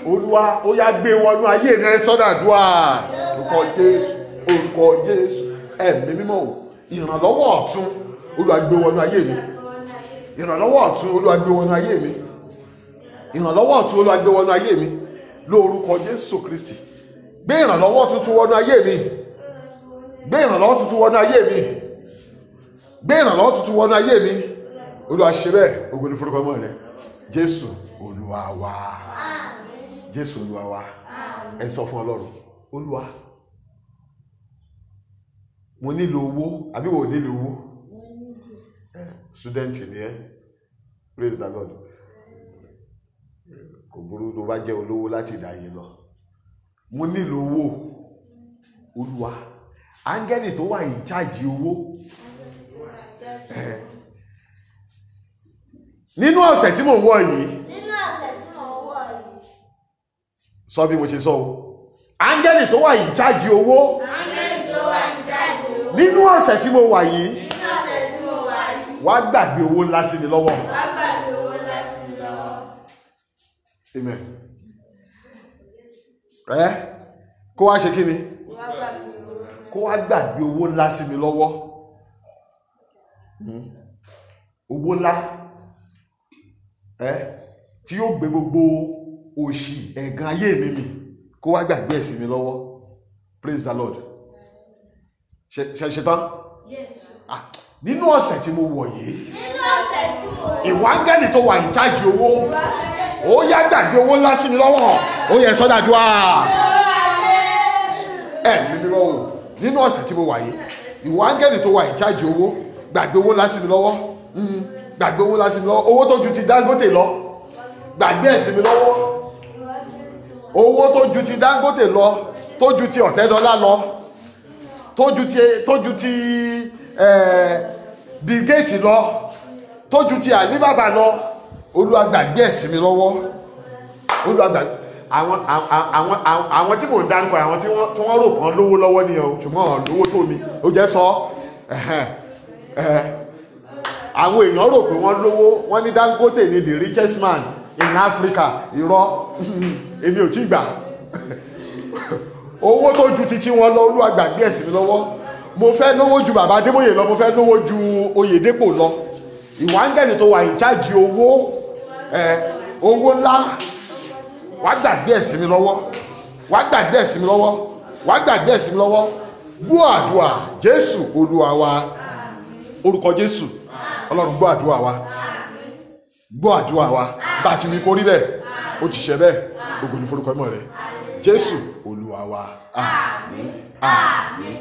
olúwa ó yá gbé wọnú ayé rẹ sọdàdúà orúkọ jésù orúkọ jésù ẹ̀mí mímọ́ o ìrànlọ́wọ́ ọ̀tún olúwa gbé wọnú ayé mi ìrànlọ́wọ́ ọ̀tún olúwa gbé wọnú ayé mi ìrànlọ́wọ́ ọ̀tún olúwa gbé wọnú ayé mi lórúkọ jésù kristi gbé ìrànlọ́wọ́ tuntun wọnú ayé mi gbé ìrànlọ́wọ́ tuntun wọnú ayé mi gbé ìrànlọ́wọ́ tuntun wọnú ayé mi olúwa ṣe bẹ́ẹ̀ ògo ni fún orúkọ ọmọ rẹ jésù olúwa wa. jésù olúwa wa ẹ sọ fún ọlọ́run olúwa mo nílò owó àbí wo nílò owó student ni ẹ praise the lord kò burú tó bá jẹ́ olówó láti ìdáyé lọ mo nílò owó olúwa áńgẹ́lì tó wà yìí chájì owó nínú ọ̀sẹ̀ tí mò wọ̀ yìí. sọ bí mo ṣe sọ o áńgẹ́lì tó wà in charge owó nínú ọ̀sẹ̀ tí mo wà yìí wá gbàgbé owó ńlá sí mi lọ́wọ́ amen ẹ kó wá ṣe kí ni kó wá gbàgbé owó ńlá sí mi lọ́wọ́ hmm. owó ńlá ẹ tí yóò gbé gbogbo òṣì ẹ̀gàn ayé mi mì kó wá gbàgbé ẹ̀sìn mi lọ́wọ́ praise the lord ṣe ṣe tán ah, nínú ọ̀sẹ̀ tí mo wọ̀ yìí ìwà áńgẹ́lì tó wà ìjáde owó ó yá gbàgbé owó ńlá sí mi lọ́wọ́ ó yẹ sọ́dà dùá ẹ̀ mímí lọ́wọ́ nínú ọ̀sẹ̀ tí mo wà yìí ìwà áńgẹ́lì tó wà ìjáde owó gbàgbé owó ńlá sí mi lọ́wọ́ mm-hmm. gbàgbé owó ńlá sí mi lọ́wọ́ owó tó ju ti Dangote lọ gbàgbé ẹ̀ sí mi lọ́wọ́ owó tó ju ti Dangote lọ tó ju ti Ọ̀tẹ́dọ́lá lọ tó ju ti tó ju ti Bill Gates lọ tó ju ti Alibaba lọ Olúwa gbàgbé ẹ̀sìn mi lọ́wọ́ Olúwa gbàgbé àwọn àwọn àwọn tí mò ń dárúkọ àwọn tí wọ́n rò kàn lówó lọ́wọ́ ni o ṣùgbọ́n lówó tó mi ó jẹ́ sọ àwọn èèyàn rò pé wọ́n lówó wọ́n ní Dangote ni the richest man in Africa irọ́. èmi ò tí gbà owó tó ju titi wọn lọ olúwa gbàgbé ẹ̀sìn mi lọ́wọ́ mo fẹ́ náwó ju bàbá adébóyè lọ mo fẹ́ náwó ju oyèdépò lọ ìwà ń tẹ̀lé tó wà ń chájì owó owó ńlá wà á gbàgbé ẹ̀sìn mi lọ́wọ́ wà á gbàgbé ẹ̀sìn mi lọ́wọ́ wà á gbàgbé ẹ̀sìn mi lọ́wọ́ gbọ́ àdúrà jésù olúwa wa orúkọ jésù ọlọ́run gbọ́ àdúrà wa gbọ́ àdúrà wa bá a ti wí kó rí bẹ́ẹ̀ ó ti ṣe bẹ́ẹ̀ ògo ní forúkọ mọ́ rẹ jésù olúwa wa àmín àmín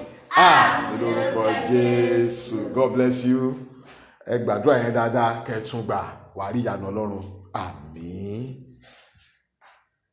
àmín lórúkọ jésù god bless you ẹ gbàdúrà yẹn dáadáa kẹtùn gbà wàá rí ìyanu ọlọ́run àmín.